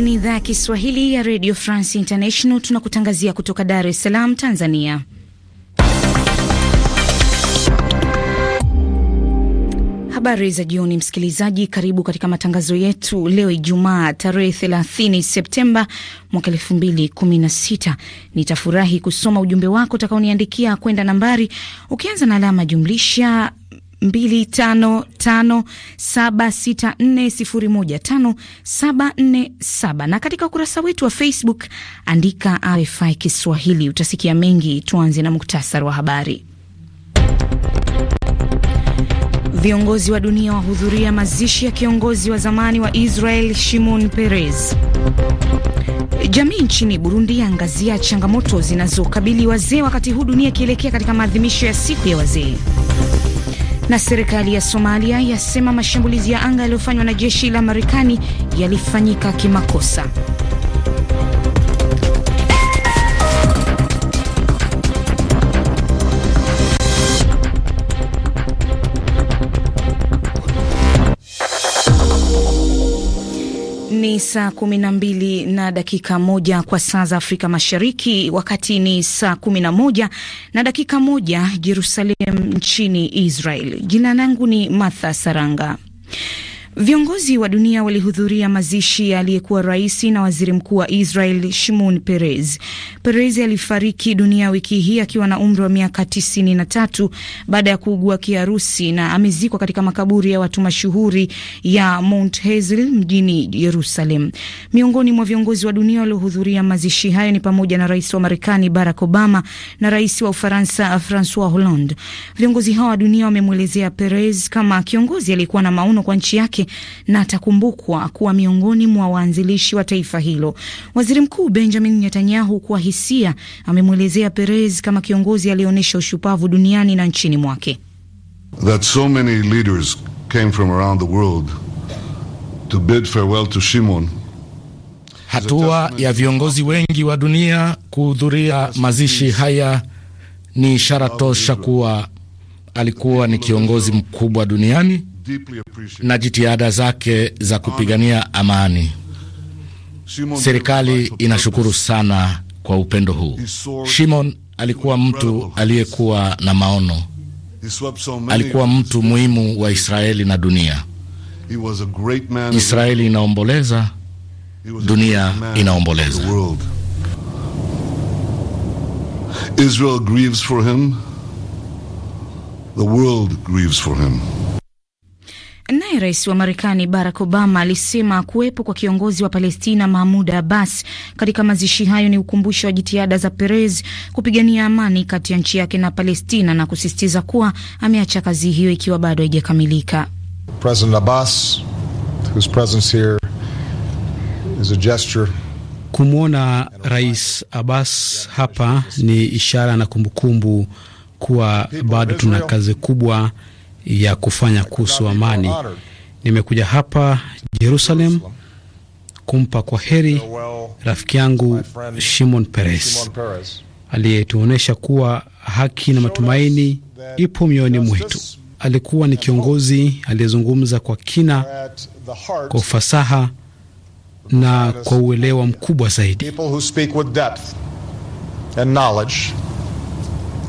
Hii ni idhaa ya Kiswahili ya Radio France International, tunakutangazia kutoka Dar es Salaam, Tanzania. Habari za jioni, msikilizaji. Karibu katika matangazo yetu leo Ijumaa tarehe 30 Septemba mwaka 2016. Nitafurahi kusoma ujumbe wako utakaoniandikia kwenda nambari ukianza na alama jumlisha 255764015747 na katika ukurasa wetu wa Facebook andika RFI Kiswahili. Utasikia mengi. Tuanze na muktasari wa habari. Viongozi wa dunia wahudhuria mazishi ya kiongozi wa zamani wa Israel Shimon Peres. Jamii nchini Burundi yaangazia changamoto zinazokabili wazee wakati huu dunia ikielekea katika maadhimisho ya siku ya wazee. Na serikali ya Somalia yasema mashambulizi ya anga yaliyofanywa na jeshi la Marekani yalifanyika kimakosa. Ni saa kumi na mbili na dakika moja kwa saa za Afrika Mashariki, wakati ni saa kumi na moja na dakika moja Jerusalem nchini Israel. Jina langu ni Martha Saranga. Viongozi wa dunia walihudhuria mazishi ya aliyekuwa rais na waziri mkuu wa Israel Shimon Peres. Peres alifariki dunia wiki hii akiwa na umri wa miaka tatu baada ya kuugua kiharusi na amezikwa katika makaburi ya watu mashuhuri ya Mount Hezl mjini Jerusalem. Miongoni mwa viongozi wa dunia waliohudhuria mazishi hayo ni pamoja na rais wa Marekani Barack Obama na rais wa Ufaransa Francois Hollande. Viongozi hao wa dunia wamemwelezea Peres kama kiongozi aliyekuwa na maono kwa nchi yake wake na atakumbukwa kuwa miongoni mwa waanzilishi wa taifa hilo. Waziri Mkuu Benjamin Netanyahu kwa hisia amemwelezea Perez kama kiongozi aliyeonyesha ushupavu duniani na nchini mwake. That so many leaders came from around the world to bid farewell to Shimon. Hatua ya viongozi wengi wa dunia kuhudhuria mazishi haya ni ishara tosha kuwa alikuwa ni kiongozi mkubwa duniani na jitihada zake za kupigania amani. Serikali inashukuru sana kwa upendo huu. Shimon alikuwa mtu aliyekuwa na maono, alikuwa mtu muhimu wa Israeli na dunia. Israeli inaomboleza, dunia inaomboleza. Israel grieves for him. The world grieves for him. Naye rais wa Marekani Barack Obama alisema kuwepo kwa kiongozi wa Palestina Mahmud Abbas katika mazishi hayo ni ukumbusho wa jitihada za Perez kupigania amani kati ya nchi yake na Palestina na kusisitiza kuwa ameacha kazi hiyo ikiwa bado haijakamilika. Kumwona Rais Abbas hapa ni ishara na kumbukumbu kuwa bado tuna kazi kubwa ya kufanya kuhusu amani. Nimekuja hapa Jerusalem kumpa kwa heri rafiki yangu Shimon Peres aliyetuonyesha kuwa haki na matumaini ipo mioyoni mwetu. Alikuwa ni kiongozi aliyezungumza kwa kina, kwa ufasaha na kwa uelewa mkubwa zaidi.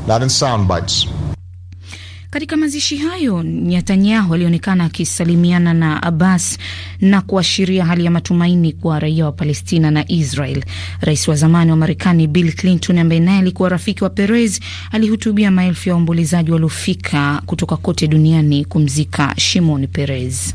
Not in sound bites. Katika mazishi hayo, Netanyahu alionekana akisalimiana na Abbas na kuashiria hali ya matumaini kwa raia wa Palestina na Israel. Rais wa zamani wa Marekani Bill Clinton, ambaye naye alikuwa rafiki wa Perez, alihutubia maelfu ya waombolezaji waliofika kutoka kote duniani kumzika Shimon Perez.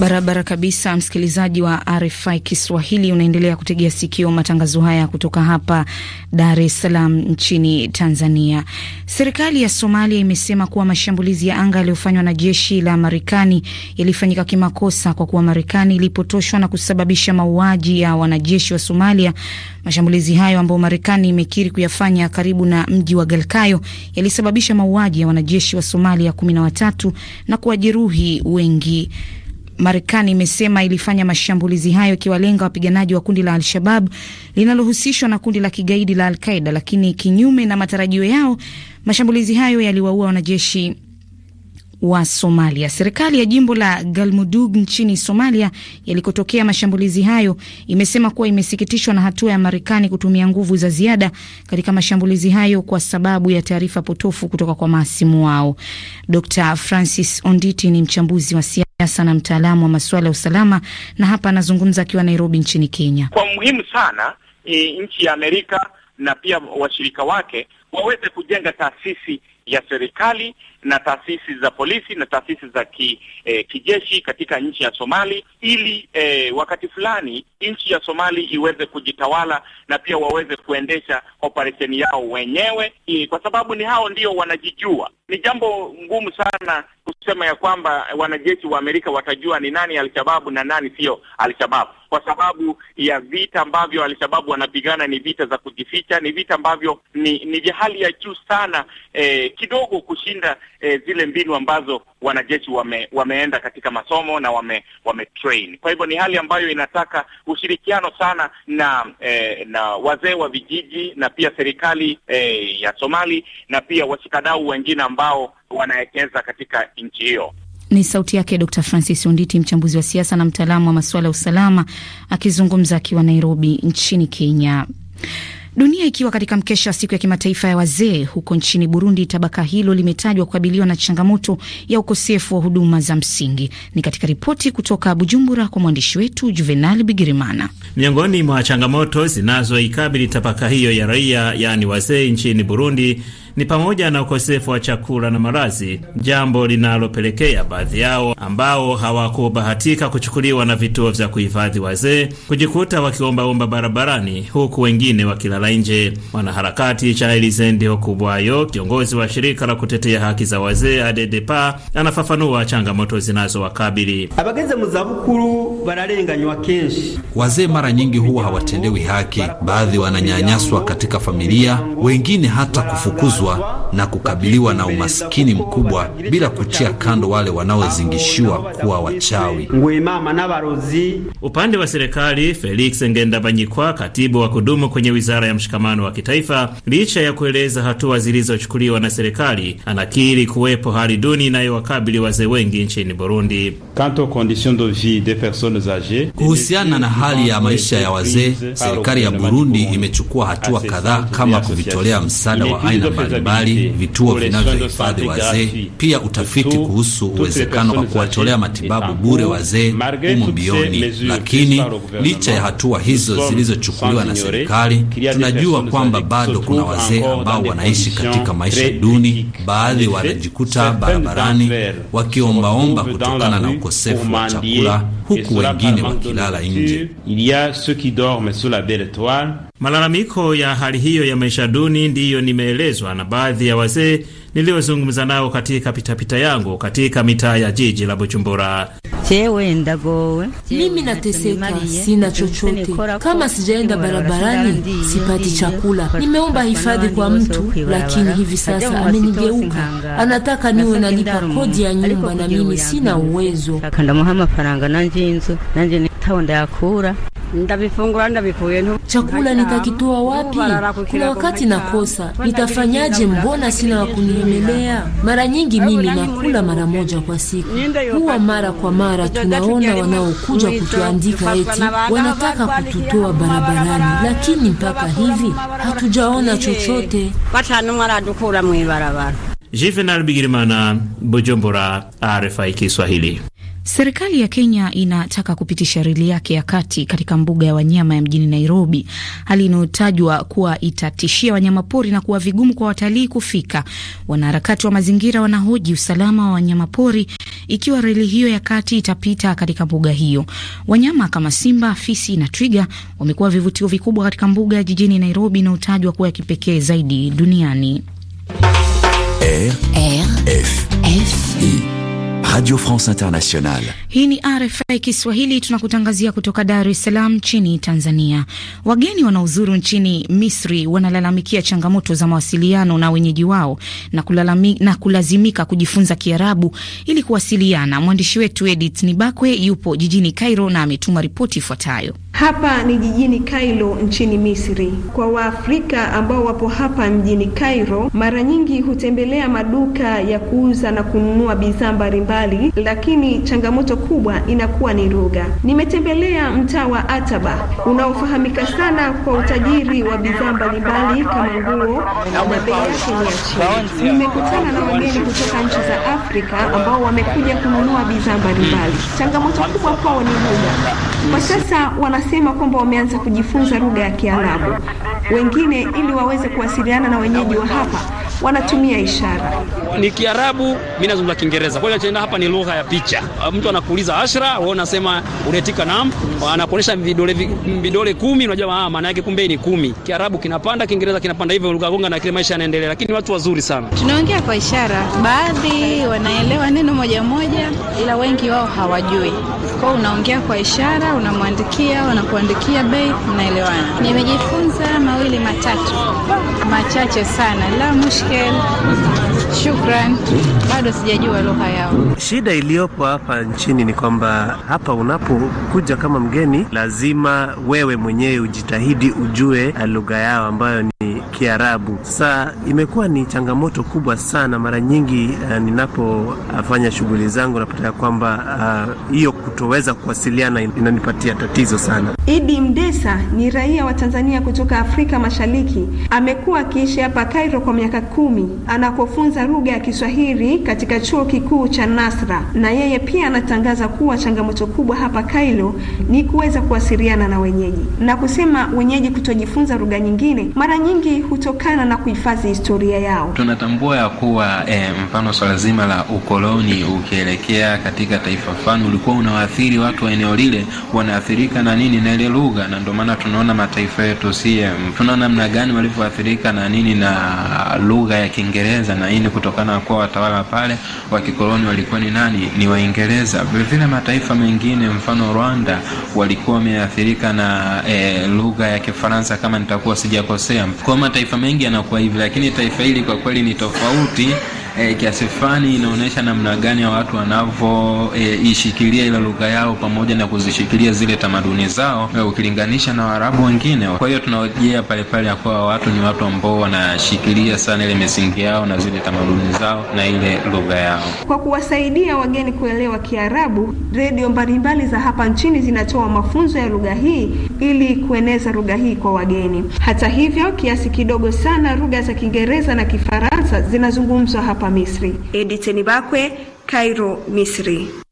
Barabara kabisa, msikilizaji wa RFI Kiswahili, unaendelea kutegea sikio matangazo haya kutoka hapa Dar es Salaam nchini Tanzania. Serikali ya Somalia imesema kuwa mashambulizi ya anga yaliyofanywa na jeshi la Marekani yalifanyika kimakosa kwa kuwa Marekani ilipotoshwa na kusababisha mauaji ya wanajeshi wa Somalia. Mashambulizi hayo ambayo Marekani imekiri kuyafanya karibu na mji wa Galkayo yalisababisha mauaji ya wanajeshi wa Somalia kumi na watatu na kuwajeruhi wengi. Marekani imesema ilifanya mashambulizi hayo ikiwalenga wapiganaji wa kundi la Al-Shabab linalohusishwa na kundi la kigaidi la Al-Qaeda, lakini kinyume na matarajio yao, mashambulizi hayo yaliwaua wanajeshi wa Somalia. Serikali ya jimbo la Galmudug nchini Somalia yalikotokea mashambulizi hayo imesema kuwa imesikitishwa na hatua ya Marekani kutumia nguvu za ziada katika mashambulizi hayo kwa sababu ya taarifa potofu kutoka kwa maasimu wao. Dr Francis Onditi ni mchambuzi wa siasa sana mtaalamu wa masuala ya usalama na hapa anazungumza akiwa Nairobi nchini Kenya. Kwa muhimu sana e, nchi ya Amerika na pia washirika wake waweze kujenga taasisi ya serikali na taasisi za polisi na taasisi za ki, eh, kijeshi katika nchi ya Somali ili eh, wakati fulani nchi ya Somali iweze kujitawala na pia waweze kuendesha operesheni yao wenyewe, eh, kwa sababu ni hao ndio wanajijua. Ni jambo ngumu sana kusema ya kwamba wanajeshi wa Amerika watajua ni nani Alshababu na nani sio Alshababu, kwa sababu ya vita ambavyo Alshababu wanapigana ni vita za kujificha, ni vita ambavyo ni, ni vya hali ya juu sana eh, kidogo kushinda e, zile mbinu ambazo wanajeshi wame, wameenda katika masomo na wame, wame train. Kwa hivyo ni hali ambayo inataka ushirikiano sana na e, na wazee wa vijiji na pia serikali e, ya Somali na pia washikadau wengine ambao wanawekeza katika nchi hiyo. Ni sauti yake Dr Francis Unditi, mchambuzi wa siasa na mtaalamu wa masuala ya usalama, akizungumza akiwa Nairobi nchini Kenya. Dunia ikiwa katika mkesha wa siku ya kimataifa ya wazee huko nchini Burundi, tabaka hilo limetajwa kukabiliwa na changamoto ya ukosefu wa huduma za msingi. Ni katika ripoti kutoka Bujumbura kwa mwandishi wetu juvenal Bigirimana. Miongoni mwa changamoto zinazoikabili tabaka hiyo ya raia, yaani wazee nchini Burundi ni pamoja na ukosefu wa chakula na malazi, jambo linalopelekea baadhi yao ambao hawakubahatika kuchukuliwa na vituo vya kuhifadhi wazee kujikuta wakiombaomba barabarani, huku wengine wakilala nje. Mwanaharakati Charles Ndio Kubwayo, kiongozi wa shirika la kutetea haki za wazee ADEDEPA, anafafanua changamoto zinazowakabili abageze mu zabukuru. bararenganywa kenshi, wazee mara nyingi huwa hawatendewi haki, baadhi wananyanyaswa katika familia, wengine hata kufukuzwa kuumizwa na kukabiliwa na umaskini mkubwa bila kutia kando wale wanaozingishiwa kuwa wachawi. Upande wa serikali, Felix Ngendabanyikwa, katibu wa kudumu kwenye wizara ya mshikamano wa kitaifa, licha ya kueleza hatua zilizochukuliwa na serikali, anakiri kuwepo hali duni inayowakabili wazee wengi nchini Burundi. Kuhusiana na hali ya maisha ya wazee, serikali ya Burundi imechukua hatua kadhaa kama kuvitolea msaada wa aina mbalimbali mbalimbali, vituo vinavyohifadhi wazee, pia utafiti kuhusu uwezekano wa kuwatolea matibabu bure wazee humo mbioni. Lakini licha ya hatua hizo zilizochukuliwa na serikali, tunajua kwamba bado kuna wazee ambao wanaishi katika maisha duni. Baadhi wanajikuta barabarani wakiombaomba kutokana na ukosefu wa chakula, huku wengine wakilala nje. Malalamiko ya hali hiyo ya maisha duni ndiyo nimeelezwa na baadhi ya wazee niliyozungumza nao katika pitapita yangu katika mitaa ya jiji la Bujumbura. Mimi nateseka, sina chochote. Kama sijaenda barabarani, sipati chakula. Nimeomba hifadhi kwa mtu, lakini hivi sasa amenigeuka, anataka niwe nalipa kodi ya nyumba, na mimi sina uwezo ndabifungura ndabivuye chakula nitakitoa wapi? Kuna wakati nakosa, nitafanyaje? Mbona sina wa kunihemelea Mara nyingi mimi nakula mara moja kwa siku, huwa mara kwa mara tunaona wanaokuja kutuandika eti wanataka kututoa barabarani, lakini mpaka hivi hatujaona chochote. Juvenal Bigirimana, Bujumbura, RFI Kiswahili. Serikali ya Kenya inataka kupitisha reli yake ya kati katika mbuga ya wanyama ya mjini Nairobi, hali inayotajwa kuwa itatishia wanyamapori na kuwa vigumu kwa watalii kufika. Wanaharakati wa mazingira wanahoji usalama wa wanyamapori ikiwa reli hiyo ya kati itapita katika mbuga hiyo. Wanyama kama simba, fisi na twiga wamekuwa vivutio vikubwa katika mbuga ya jijini Nairobi inayotajwa kuwa ya kipekee zaidi duniani. R. R. F. F. Radio France Internationale. Hii ni RFI Kiswahili tunakutangazia kutoka Dar es Salaam nchini Tanzania. Wageni wanaozuru nchini Misri wanalalamikia changamoto za mawasiliano na wenyeji wao na, kulalami, na kulazimika kujifunza Kiarabu ili kuwasiliana. Mwandishi wetu Edith Nibakwe yupo jijini Cairo na ametuma ripoti ifuatayo. Hapa ni jijini Cairo nchini Misri. Kwa Waafrika ambao wapo hapa mjini Cairo, mara nyingi hutembelea maduka ya kuuza na kununua bidhaa mbalimbali, lakini changamoto kubwa inakuwa ni lugha. Nimetembelea mtaa wa Ataba unaofahamika sana kwa utajiri wa bidhaa mbalimbali kama nguo na bei yake ni ya chini. Nimekutana na wageni kutoka nchi za Afrika ambao wamekuja kununua bidhaa mbalimbali. Changamoto kubwa kwao ni lugha. Kwa sasa wanasema kwamba wameanza kujifunza lugha ya Kiarabu. Wengine ili waweze kuwasiliana na wenyeji wa hapa wanatumia ishara. Ni Kiarabu, mimi nazungumza Kiingereza, kwa hiyo hapa ni lugha ya picha. Mtu anakuuliza ashra, wewe unasema unetika nam, anakuonyesha vidole vidole kumi, unajua ah, maana yake, kumbe ni kumi. Kiarabu kinapanda, Kiingereza kinapanda, hivyo lugha gonga na kile maisha yanaendelea, lakini watu wazuri sana. Tunaongea kwa ishara, baadhi wanaelewa neno moja moja, ila wengi wao hawajui. Kwa unaongea kwa ishara unamwandikia, wanakuandikia bei, mnaelewana. Nimejifunza mawili matatu machache sana. La mushkel, shukran, bado sijajua lugha yao. Shida iliyopo hapa nchini ni kwamba hapa unapokuja kama mgeni, lazima wewe mwenyewe ujitahidi ujue lugha yao ambayo ni Kiarabu. Sasa imekuwa ni changamoto kubwa sana. Mara nyingi uh, ninapofanya shughuli zangu napata ya kwamba eh, hiyo uh, kutoweza kuwasiliana inanipatia tatizo sana. Idi Mdesa ni raia wa Tanzania kutoka Afrika Mashariki, amekuwa akiishi hapa Kairo kwa miaka kumi anakofunza lugha ya Kiswahili katika chuo kikuu cha Nasra, na yeye pia anatangaza kuwa changamoto kubwa hapa Kairo ni kuweza kuwasiliana na wenyeji na kusema wenyeji kutojifunza lugha nyingine mara nyingi kutokana na kuhifadhi historia yao. Tunatambua ya kuwa e, mfano swala zima la ukoloni ukielekea katika taifa fulani ulikuwa unawaathiri watu wa eneo lile, wanaathirika na nini na ile lugha, na ndio maana tunaona mataifa yetu sie eh, tuna namna gani walivyoathirika na nini na lugha ya Kiingereza na nini, kutokana na kuwa watawala pale wa kikoloni walikuwa ni nani? Ni Waingereza. Vilevile mataifa mengine, mfano Rwanda, walikuwa wameathirika na e, lugha ya Kifaransa kama nitakuwa sijakosea kwa mataifa mengi yanakuwa hivi, lakini taifa hili kwa kweli ni tofauti eh, kiasi fulani inaonyesha namna gani ya watu wanavyoishikilia eh, e, ile lugha yao pamoja na kuzishikilia zile tamaduni zao eh, ukilinganisha na Waarabu wengine. Kwa hiyo tunaojea palepale ya kuwa watu ni watu ambao wanashikilia sana ile misingi yao na zile tamaduni zao na ile lugha yao. Kwa kuwasaidia wageni kuelewa Kiarabu, redio mbalimbali za hapa nchini zinatoa mafunzo ya lugha hii ili kueneza lugha hii kwa wageni. Hata hivyo, kiasi kidogo sana lugha za Kiingereza na Kifaransa zinazungumzwa hapa hapa Misri. Edith Nibakwe, Cairo, Misri.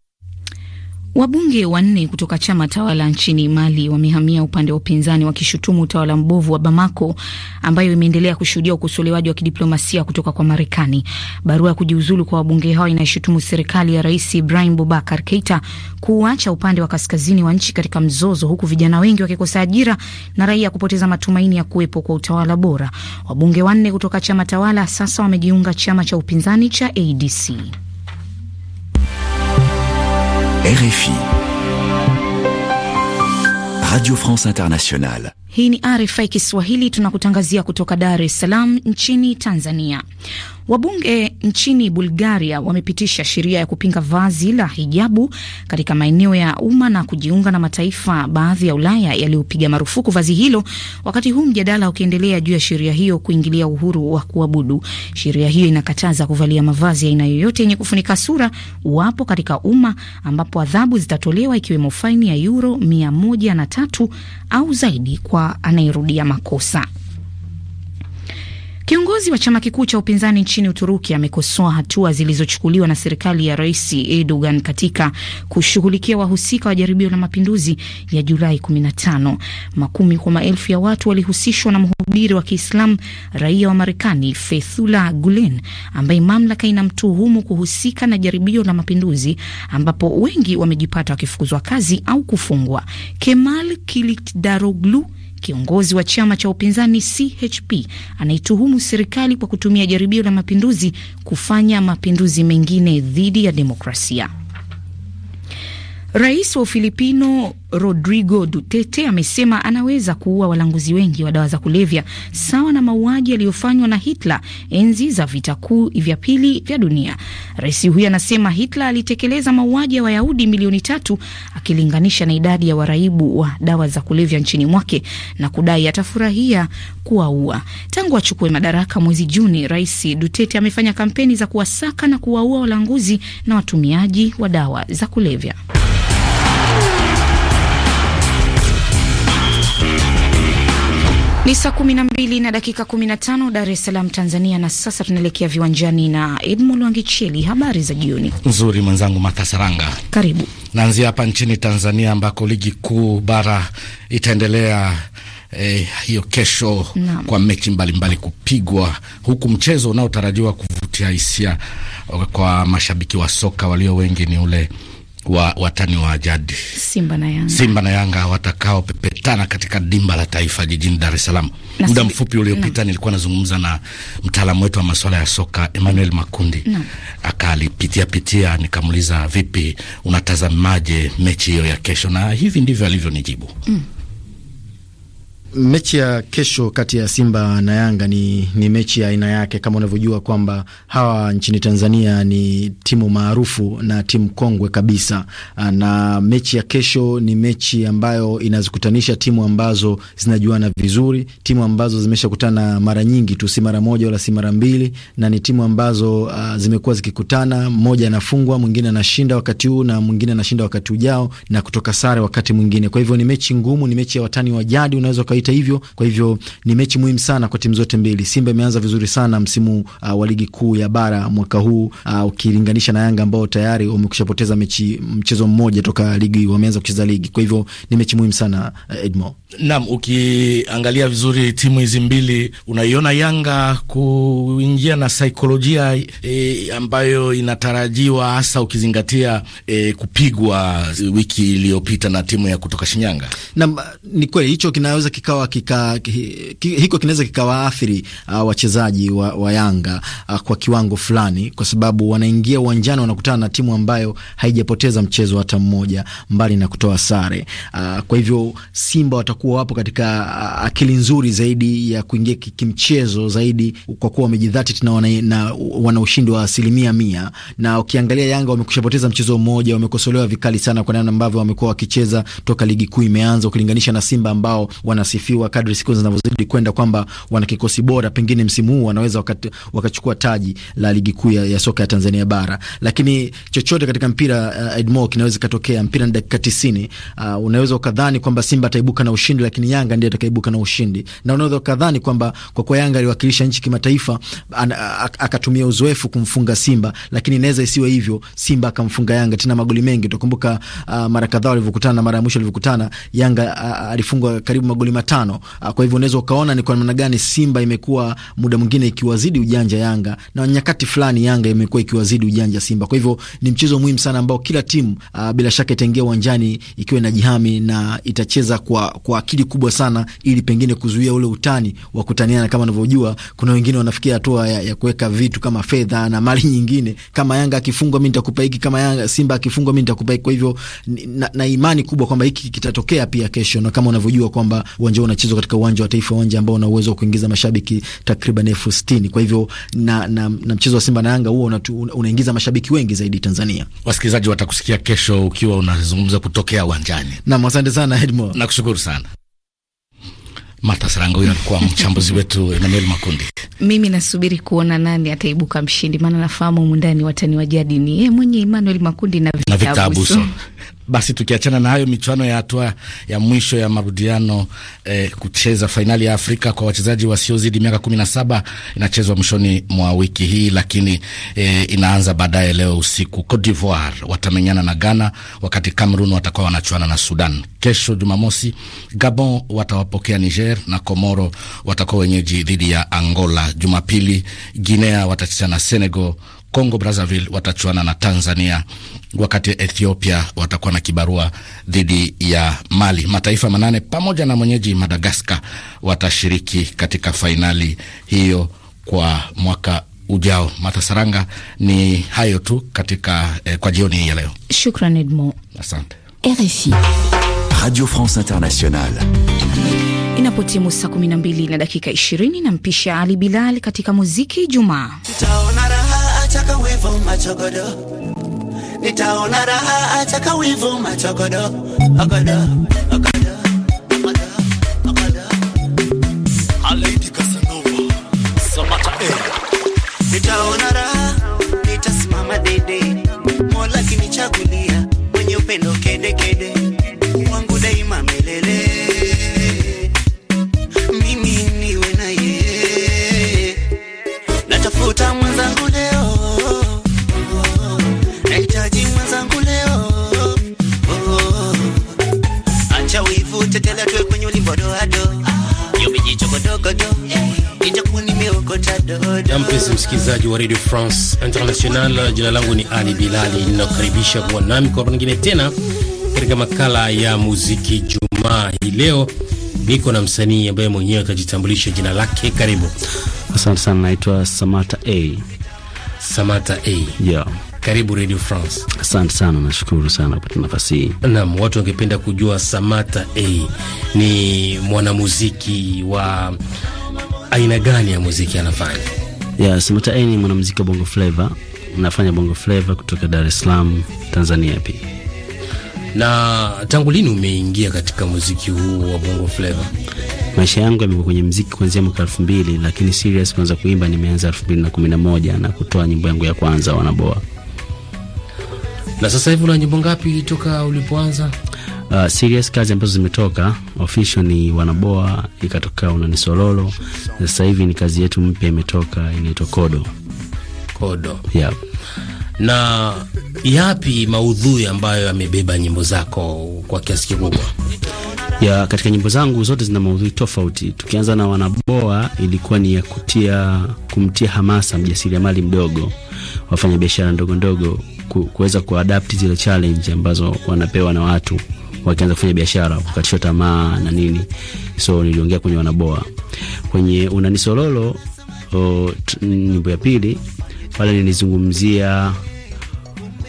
Wabunge wanne kutoka chama tawala nchini Mali wamehamia upande wa upinzani wakishutumu utawala mbovu wa Bamako ambayo imeendelea kushuhudia ukosolewaji wa kidiplomasia kutoka kwa Marekani. Barua ya kujiuzulu kwa wabunge hao inayoshutumu serikali ya Rais Ibrahim bobakar Keita kuuacha upande wa kaskazini wa nchi katika mzozo, huku vijana wengi wakikosa ajira na raia kupoteza matumaini ya kuwepo kwa utawala bora. Wabunge wanne kutoka chama tawala sasa wamejiunga chama cha upinzani cha ADC. RFI Radio France Internationale. Hii ni RFI Kiswahili tunakutangazia kutoka Dar es Salaam nchini Tanzania. Wabunge nchini Bulgaria wamepitisha sheria ya kupinga vazi la hijabu katika maeneo ya umma na kujiunga na mataifa baadhi ya Ulaya yaliyopiga marufuku vazi hilo, wakati huu mjadala ukiendelea juu ya sheria hiyo kuingilia uhuru wa kuabudu. Sheria hiyo inakataza kuvalia mavazi aina yoyote yenye kufunika sura wapo katika umma, ambapo adhabu zitatolewa ikiwemo faini ya yuro mia moja na tatu au zaidi kwa anayerudia makosa. Kiongozi wa chama kikuu cha upinzani nchini Uturuki amekosoa hatua zilizochukuliwa na serikali ya Rais Erdogan katika kushughulikia wahusika wa jaribio la mapinduzi ya Julai 15. Makumi kwa maelfu ya watu walihusishwa na mhubiri wa Kiislamu raia wa Marekani Fethullah Gulen ambaye mamlaka inamtuhumu kuhusika na jaribio la mapinduzi ambapo wengi wamejipata wakifukuzwa kazi au kufungwa. Kemal Kilicdaroglu Kiongozi wa chama cha upinzani CHP anaituhumu serikali kwa kutumia jaribio la mapinduzi kufanya mapinduzi mengine dhidi ya demokrasia. Rais wa Ufilipino Rodrigo Duterte amesema anaweza kuua walanguzi wengi wa dawa za kulevya sawa na mauaji yaliyofanywa na Hitler enzi za vita kuu vya pili vya dunia. Rais huyo anasema Hitler alitekeleza mauaji ya Wayahudi milioni tatu akilinganisha na idadi ya waraibu wa dawa za kulevya nchini mwake na kudai atafurahia kuwaua. Tangu achukue madaraka mwezi Juni, Rais Duterte amefanya kampeni za kuwasaka na kuwaua walanguzi na watumiaji wa dawa za kulevya. Ni saa kumi na mbili na dakika kumi na tano Dar es Salaam, Tanzania. Na sasa tunaelekea viwanjani na Edmund Wangicheli. Habari za jioni. Nzuri mwenzangu Martha Saranga, karibu. Naanzia hapa nchini Tanzania ambako ligi kuu bara itaendelea eh, hiyo kesho na kwa mechi mbalimbali kupigwa, huku mchezo unaotarajiwa kuvutia hisia kwa mashabiki wa soka walio wengi ni ule wa watani wa jadi Simba na Yanga, Simba na Yanga watakao pepetana katika dimba la taifa jijini Dar es Salaam. Muda mfupi uliopita nilikuwa nazungumza na mtaalamu wetu wa masuala ya soka Emmanuel Makundi na akalipitia pitia, nikamuliza vipi, unatazamaje mechi hiyo ya kesho? Na hivi ndivyo alivyonijibu. Mm. Mechi ya kesho kati ya Simba na Yanga ni, ni mechi ya aina yake, kama unavyojua kwamba hawa nchini Tanzania ni timu maarufu na timu kongwe kabisa, ah, na mechi ya kesho ni mechi ambayo inazikutanisha timu ambazo zinajuana vizuri, timu ambazo zimeshakutana mara nyingi tu, si mara moja wala si mara mbili, na ni timu ambazo uh, zimekuwa zikikutana, mmoja anafungwa, mwingine anashinda wakati huu na mwingine anashinda wakati ujao, na kutoka sare wakati mwingine. Kwa hivyo ni mechi ngumu, ni mechi ya watani wa jadi unaweza tunaita hivyo. Kwa hivyo ni mechi muhimu sana kwa timu zote mbili. Simba imeanza vizuri sana msimu uh, wa ligi kuu ya bara mwaka huu uh, ukilinganisha na Yanga ambao tayari wamekushapoteza mechi mchezo mmoja toka ligi wameanza kucheza ligi. Kwa hivyo ni mechi muhimu sana uh, Edmo. Naam, ukiangalia vizuri timu hizi mbili unaiona Yanga kuingia na saikolojia e, ambayo inatarajiwa hasa ukizingatia e, kupigwa wiki iliyopita na timu ya kutoka Shinyanga. Naam, ni kweli hicho kinaweza kika kikawa kika, hiko kinaweza kikawaathiri uh, wachezaji wa, wa Yanga uh, kwa kiwango fulani, kwa sababu wanaingia uwanjani wanakutana na timu ambayo haijapoteza mchezo hata mmoja, mbali na kutoa sare uh, kwa hivyo Simba watakuwa wapo katika uh, akili nzuri zaidi ya kuingia kimchezo zaidi, kwa kuwa wamejidhati na wana, na wana ushindi wa asilimia mia, na ukiangalia Yanga wamekushapoteza mchezo mmoja, wamekosolewa vikali sana kwa namna ambavyo wamekuwa wakicheza toka ligi kuu imeanza, ukilinganisha na Simba ambao wana wanasifiwa kadri siku zinavyozidi kwenda kwamba wana kikosi bora, pengine msimu huu wanaweza wakati, wakachukua taji la ligi kuu ya, soka ya Tanzania bara, lakini chochote katika mpira uh, Edmo kinaweza katokea. Mpira ni dakika 90. Uh, unaweza ukadhani kwamba Simba ataibuka na ushindi, lakini Yanga ndiye atakaibuka na ushindi, na unaweza ukadhani kwamba kwa kwa Yanga aliwakilisha nchi kimataifa akatumia uzoefu kumfunga Simba, lakini inaweza isiwe hivyo, Simba akamfunga Yanga tena magoli mengi. Utakumbuka uh, mara kadhaa walivyokutana, mara ya mwisho walivyokutana Yanga uh, alifungwa karibu magoli matatu tano. Ah, kwa hivyo unaweza ukaona ni kwa namna gani Simba imekuwa muda mwingine ikiwazidi ujanja Yanga na nyakati fulani Yanga imekuwa ikiwazidi ujanja Simba. Kwa hivyo ni mchezo muhimu sana ambao kila timu uh, bila shaka itaingia uwanjani ikiwa inajihami na itacheza kwa, kwa akili kubwa sana ili pengine kuzuia ule utani wa kutaniana. Kama unavyojua kuna wengine wanafikia hatua ya, ya kuweka vitu kama fedha na mali nyingine, kama Yanga akifungwa mimi nitakupa hiki, kama Yanga Simba akifungwa mimi nitakupa hiki. Kwa hivyo na, na imani kubwa kwamba hiki kitatokea pia kesho, na kama unavyojua kwamba uwanja huo unachezwa katika uwanja wa Taifa, uwanja ambao una uwezo wa kuingiza mashabiki takriban elfu sitini. Kwa hivyo na, na, na mchezo wa Simba na Yanga huo unaingiza una, mashabiki wengi zaidi Tanzania. Wasikilizaji watakusikia kesho ukiwa unazungumza kutokea uwanjani. Naam, asante sana Edmo, nakushukuru sana. Mata Sarango huyo alikuwa mchambuzi wetu Emmanuel Makundi. Mimi nasubiri kuona nani ataibuka mshindi, maana nafahamu mundani watani wa jadi ni yeye mwenye Emmanuel Makundi na Victor Abuso. Basi tukiachana na hayo, michuano ya hatua ya mwisho ya marudiano eh, kucheza fainali ya Afrika kwa wachezaji wasiozidi miaka kumi na saba inachezwa mwishoni mwa wiki hii, lakini eh, inaanza baadaye leo usiku. Cote d'Ivoire watamenyana na Ghana, wakati Cameroon watakuwa wanachuana na Sudan. Kesho Jumamosi, Gabon watawapokea Niger na Komoro watakuwa wenyeji dhidi ya Angola. Jumapili, Guinea watacheza na Senegal Congo Brazzaville watachuana na Tanzania, wakati Ethiopia watakuwa na kibarua dhidi ya Mali. Mataifa manane pamoja na mwenyeji Madagaskar watashiriki katika fainali hiyo kwa mwaka ujao. matasaranga ni hayo tu katika eh, kwa jioni hii ya leo. Shukran Edmo, asante. RFI Radio France Internationale. Inapotimu saa 12 na dakika 20, na mpisha Ali Bilal katika muziki Jumaa acha kawivu machogodo, nitaona raha acha kawivu machogodo, ogodo, nitasimama dede, Mola kinichagulia, mwenye upendo kedeke na mpenzi msikilizaji wa Radio France International, jina langu ni Ali Bilali, ninakukaribisha kuwa nami kwa nyingine tena katika makala ya muziki Jumaa. Hii leo niko na msanii ambaye mwenyewe atajitambulisha jina lake. Karibu. Asante sana, naitwa Samata A. Samata A. Yeah. Karibu Radio France. Asante sana, nashukuru sana kupata nafasi hii. Naam, watu wangependa kujua Samata A ni mwanamuziki wa aina gani ya muziki anafanya? Yeah, Samata ni mwanamuziki wa Bongo Flava, nafanya Bongo Flava kutoka Dar es Salaam, Tanzania pia. Na tangu lini umeingia katika muziki huu wa Bongo Flava? Maisha yangu yamekuwa kwenye muziki kuanzia mwaka elfu mbili, lakini serious kuanza kuimba nimeanza elfu mbili na kumi na moja na kutoa nyimbo yangu ya kwanza wanaboa. Na sasa hivi una nyimbo ngapi toka ulipoanza? uh, serious kazi ambazo zimetoka official ni wanaboa, ikatoka unanisololo. Sasa hivi ni kazi yetu mpya imetoka, inaitwa kodo kodo, yeah. Na yapi maudhui ambayo yamebeba nyimbo zako kwa kiasi kikubwa? Ya, katika nyimbo zangu zote zina maudhui tofauti. Tukianza na wanaboa, ilikuwa ni ya kutia kumtia hamasa mjasiriamali mdogo, wafanya biashara ndogo ndogo, kuweza kuadapti zile challenge ambazo wanapewa na watu wakianza kufanya biashara kukatishwa tamaa na nini. So niliongea kwenye wanaboa kwenye unanisololo nyimbo ya pili pale, nilizungumzia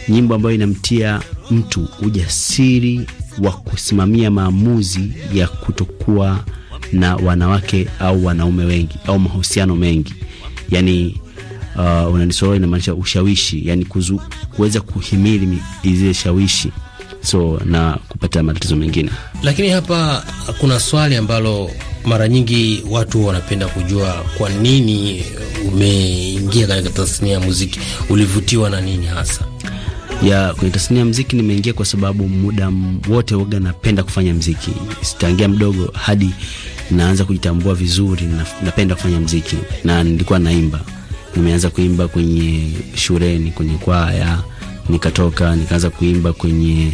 nyimbo ambayo inamtia mtu ujasiri wa kusimamia maamuzi ya kutokuwa na wanawake au wanaume wengi au mahusiano mengi, yani uh, unanisololo inamaanisha ushawishi, yani kuweza kuhimili zile shawishi so na kupata matatizo mengine. Lakini hapa kuna swali ambalo mara nyingi watu wanapenda kujua, kwa nini umeingia katika tasnia ya muziki? Ulivutiwa na nini hasa? ya kwenye tasnia ya mziki nimeingia kwa sababu muda wote waga napenda kufanya mziki, sitangia mdogo hadi naanza kujitambua vizuri na, napenda kufanya mziki na nilikuwa naimba. Nimeanza kuimba kwenye shuleni kwenye kwaya nikatoka nikaanza kuimba kwenye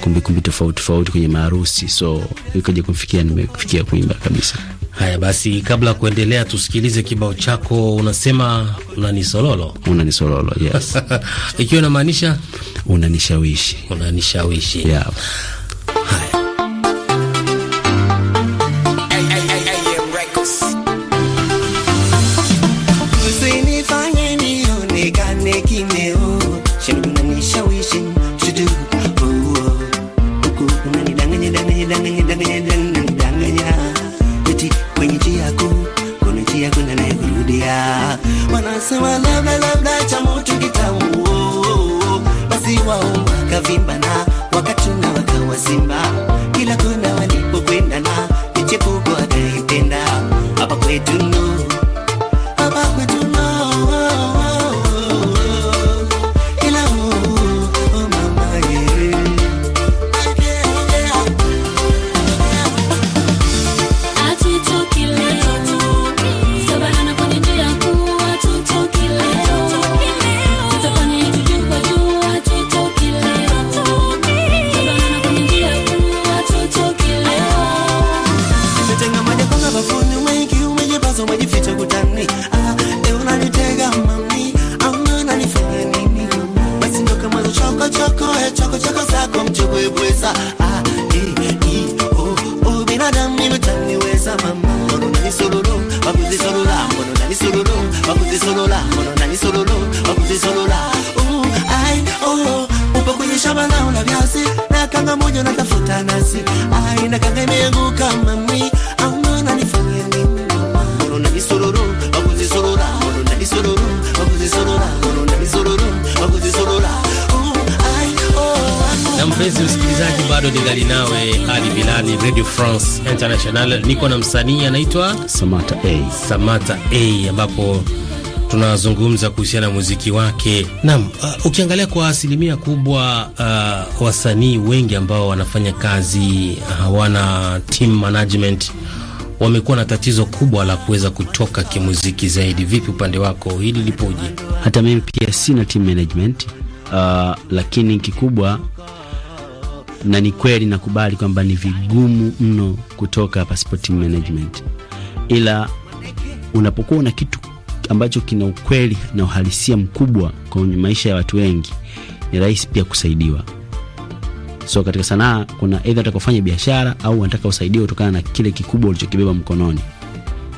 kumbikumbi tofauti tofauti kwenye maharusi, so ikaja kumfikia, nimefikia kuimba kabisa. Haya basi, kabla ya kuendelea, tusikilize kibao chako. Unasema unanisololo, unanisololo, yes ikiwa inamaanisha unanishawishi, unanishawishi, yeah. na niko na msanii anaitwa Samata A, Samata A ambapo tunazungumza kuhusiana na muziki wake. Naam, uh, ukiangalia kwa asilimia kubwa uh, wasanii wengi ambao wanafanya kazi hawana uh, team management wamekuwa na tatizo kubwa la kuweza kutoka kimuziki zaidi. Vipi upande wako hili lipoje? Hata mimi pia sina team management uh, lakini kikubwa na ni kweli nakubali kwamba ni vigumu mno kutoka pasipo management, ila unapokuwa una kitu ambacho kina ukweli na uhalisia mkubwa kwenye maisha ya watu wengi, ni rahisi pia kusaidiwa. So katika sanaa kuna either unataka kufanya biashara au unataka usaidia kutokana na kile kikubwa ulichokibeba mkononi.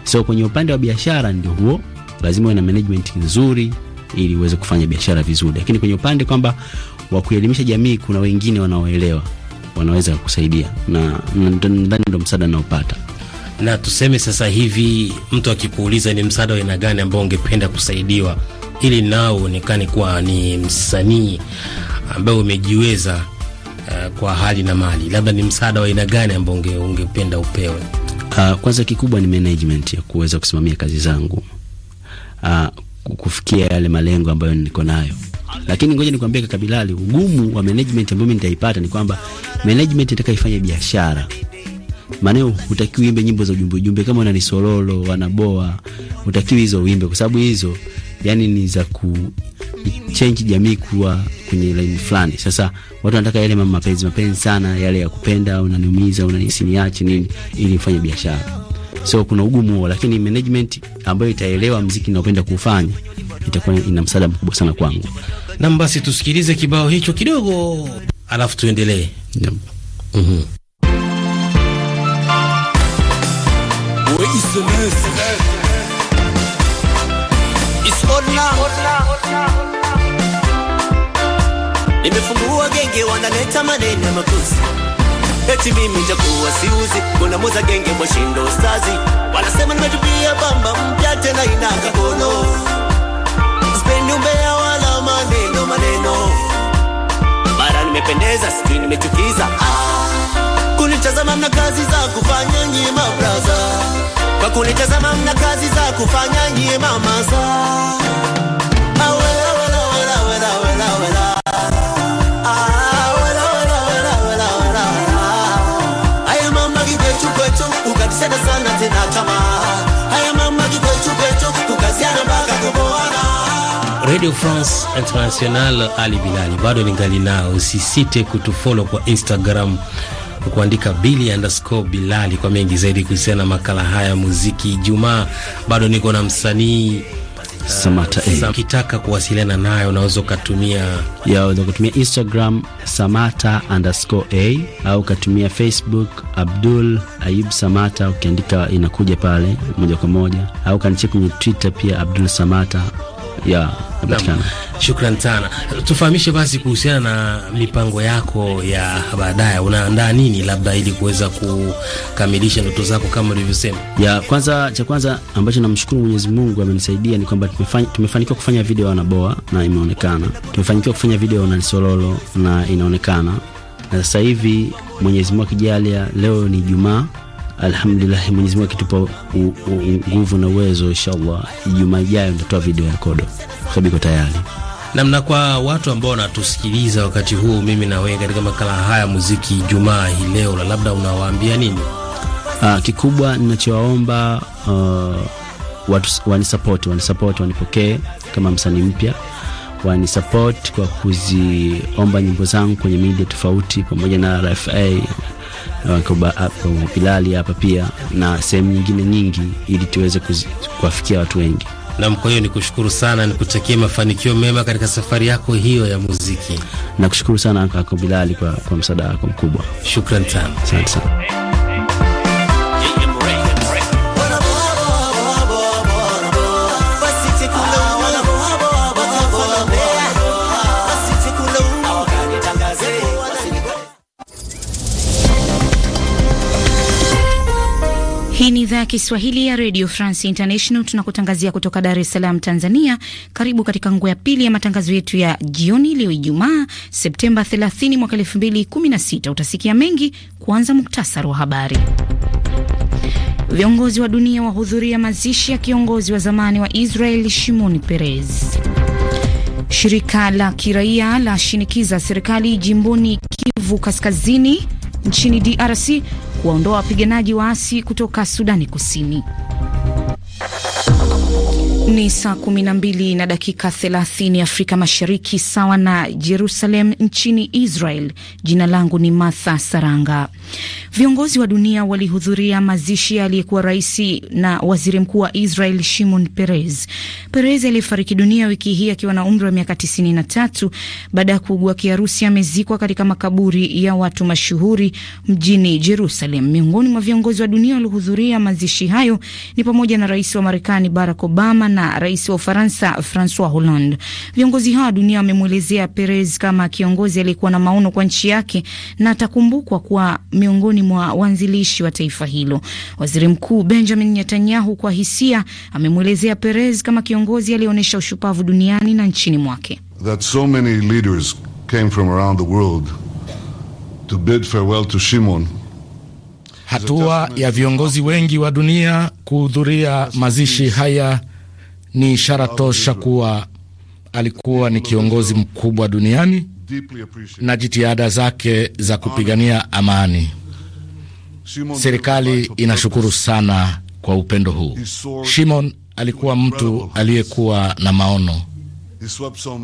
So kwenye upande wa biashara ndio huo, lazima uwe na management nzuri ili uweze kufanya biashara vizuri, lakini kwenye upande kwamba wa kuelimisha jamii, kuna wengine wanaoelewa wanaweza kusaidia na nadhani ndo msaada naopata. Na tuseme sasa hivi mtu akikuuliza ni msaada wa aina gani ambao ungependa kusaidiwa ili nao onekane kuwa ni msanii ambaye umejiweza uh, kwa hali na mali, labda ni msaada wa aina gani ambao ungependa upewe? Uh, kwanza kikubwa ni management ya kuweza kusimamia kazi zangu, uh, kufikia yale malengo ambayo niko nayo lakini ngoja nikwambie kaka Bilali, ugumu wa management ambayo mimi nitaipata ni kwamba management itakayofanya ifanye biashara. maneno, hutakiwi uimbe nyimbo za ujumbe ujumbe kama sololo wanaboa, hutakiwi hizo uimbe kwa sababu hizo yani ni za ku change jamii kuwa kwenye line fulani. Sasa watu wanataka yale mapenzi mapenzi sana, yale ya kupenda, unaniumiza, unanisi, nini, ili mfanye biashara. So kuna ugumu huo, lakini management ambayo itaelewa mziki inaopenda kuufanya itakuwa ina msaada mkubwa sana kwangu. Nam, basi tusikilize kibao hicho kidogo, alafu tuendelee. Mhm. Nimefungua genge, wanaleta maneno ya makosa eti mimi jakuwa siuzi, kuna moza genge mwashindo stazi, wanasema nimetupia bamba mpya tena inaka kono sipendi umbea wala maneno maneno, mara nimependeza, sijui nimechukiza ah, na kazi za kufanya nyie mabraza, kwa kunitazama na kazi za kufanya nyie mamaza awe awe awe awe awe awe Ah. Sena sana haya mama, kikwetu kwetu tukaziana mpaka kuboana. Radio France International, Ali Bilali bado ningali nao. Usisite kutufolo kwa Instagram kuandika bili underscore bilali kwa mengi zaidi kuhusiana na makala haya muziki Ijumaa. Bado niko na msanii Samata A. Ukitaka kuwasiliana nayo unaweza ukatumia ya unaweza kutumia Instagram Samata underscore A au ukatumia Facebook Abdul Ayub Samata, ukiandika inakuja pale moja kwa moja, au kanicheki kwenye Twitter pia Abdul Samata ya Shukran sana, tufahamishe basi kuhusiana na mipango yako ya baadaye. Unaandaa nini labda ili kuweza kukamilisha ndoto zako kama ulivyosema? Ya kwanza, cha kwanza ambacho namshukuru Mwenyezi Mungu amenisaidia ni kwamba tumefanikiwa kufanya video ya Wanaboa na imeonekana, tumefanikiwa kufanya video ya Unanisololo na inaonekana, na sasa hivi Mwenyezi Mungu akijalia, leo ni Ijumaa alhamdulillah, Mwenyezi Mungu akitupa nguvu na uwezo, inshallah Ijumaa ijayo nitatoa video ya Kodo kabiko tayari namna kwa watu ambao wanatusikiliza wakati huu, mimi na wewe katika makala haya muziki Ijumaa hii leo, na labda unawaambia nini? Aa, ah, kikubwa ninachowaomba uh, watu wanisapoti, wanisapoti, wanipokee kama msanii mpya, wanisapoti kwa kuziomba nyimbo zangu kwenye media tofauti, pamoja na RFA Uh, bilali uh, hapa pia na sehemu nyingine nyingi, ili tuweze kuwafikia watu wengi. Nam, kwa hiyo ni kushukuru sana, ni kutakia mafanikio mema katika safari yako hiyo ya muziki. Nakushukuru sana Kako Bilali kwa, kwa msaada wako mkubwa. Shukran sana, asante sana. Hii ni idhaa ya Kiswahili ya Radio France International. Tunakutangazia kutoka Dar es Salaam, Tanzania. Karibu katika nguo ya pili ya matangazo yetu ya jioni leo, Ijumaa Septemba 30 mwaka 2016. Utasikia mengi, kuanza muktasari wa habari. Viongozi wa dunia wahudhuria mazishi ya kiongozi wa zamani wa Israel Shimon Peres. Shirika la kiraia la shinikiza serikali jimboni Kivu Kaskazini nchini DRC kuwaondoa wapiganaji waasi kutoka Sudani Kusini. Ni saa kumi na dakika thelathini Afrika Mashariki, sawa na Jerusalem nchini Israel. Jina langu ni Martha Saranga. Viongozi wa dunia walihudhuria mazishi aliyekuwa rais na waziri mkuu wa Israel Shimon Peres. Peres aliyefariki dunia wiki hii akiwa na umri wa miaka 93 baada ya kuugua kiharusi, amezikwa katika makaburi ya watu mashuhuri mjini Jerusalem. Miongoni mwa viongozi wa dunia waliohudhuria mazishi hayo ni pamoja na rais wa Marekani Barack Obama na rais wa Ufaransa Francois Hollande. Viongozi hawa dunia wamemwelezea Perez kama kiongozi aliyekuwa na maono kwa nchi yake na atakumbukwa kuwa miongoni mwa waanzilishi wa taifa hilo. Waziri Mkuu Benjamin Netanyahu kwa hisia amemwelezea Perez kama kiongozi aliyeonyesha ushupavu duniani na nchini mwake. That so many leaders came from around the world to bid farewell to Shimon. Hatua ya viongozi wengi wa dunia kuhudhuria mazishi haya ni ishara tosha kuwa alikuwa ni kiongozi mkubwa duniani na jitihada zake za kupigania amani. Serikali inashukuru sana kwa upendo huu. Shimon alikuwa mtu aliyekuwa na maono,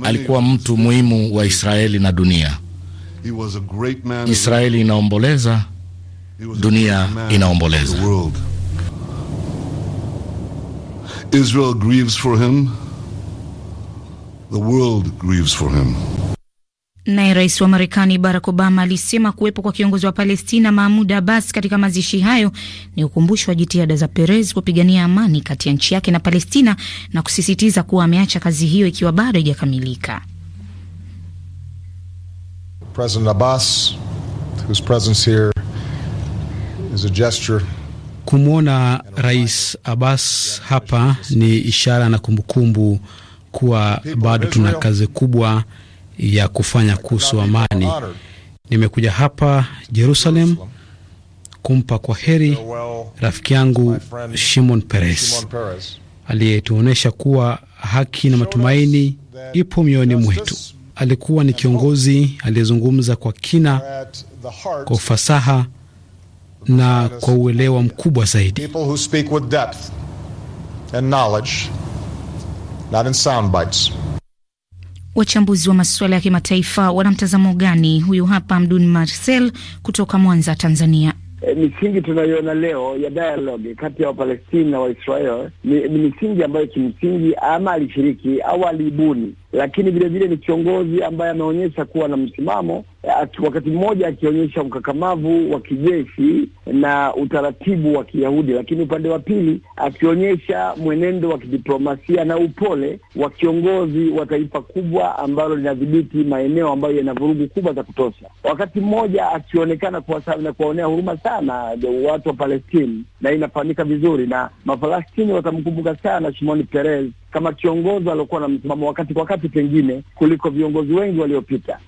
alikuwa mtu muhimu wa Israeli na dunia. Israeli inaomboleza, dunia inaomboleza. Israel grieves for him, the world grieves for him. Naye rais wa Marekani Barack Obama alisema kuwepo kwa kiongozi wa Palestina Mahmud Abbas katika mazishi hayo ni ukumbusho wa jitihada za Perez kupigania amani kati ya nchi yake na Palestina na kusisitiza kuwa ameacha kazi hiyo ikiwa bado haijakamilika. President Abbas whose presence here is a gesture Kumwona Rais Abbas hapa ni ishara na kumbukumbu kuwa bado tuna kazi kubwa ya kufanya kuhusu amani. Nimekuja hapa Jerusalem kumpa kwa heri rafiki yangu Shimon Peres aliyetuonyesha kuwa haki na matumaini ipo mioyoni mwetu. Alikuwa ni kiongozi aliyezungumza kwa kina, kwa ufasaha na kwa uelewa mkubwa zaidi. Wachambuzi wa masuala ya kimataifa wana mtazamo gani? Huyu hapa Mdun Marcel kutoka Mwanza, Tanzania. E, misingi tunayoona leo ya dialogue kati ya Wapalestina na Waisrael ni misingi ambayo kimsingi ama alishiriki au alibuni lakini vile vile ni kiongozi ambaye ameonyesha kuwa na msimamo, eh, wakati mmoja akionyesha ukakamavu wa kijeshi na utaratibu wa Kiyahudi, lakini upande wa pili akionyesha mwenendo wa kidiplomasia na upole wa kiongozi wa taifa kubwa ambalo linadhibiti maeneo ambayo yana vurugu kubwa za kutosha, wakati mmoja akionekana kuwasamehe na kuwaonea huruma sana eh, watu wa Palestini, na inafahamika vizuri na Mapalestini watamkumbuka sana Shimoni Peres kama kiongozi aliokuwa na msimamo wakati kwa wakati pengine kuliko viongozi wengi waliopita.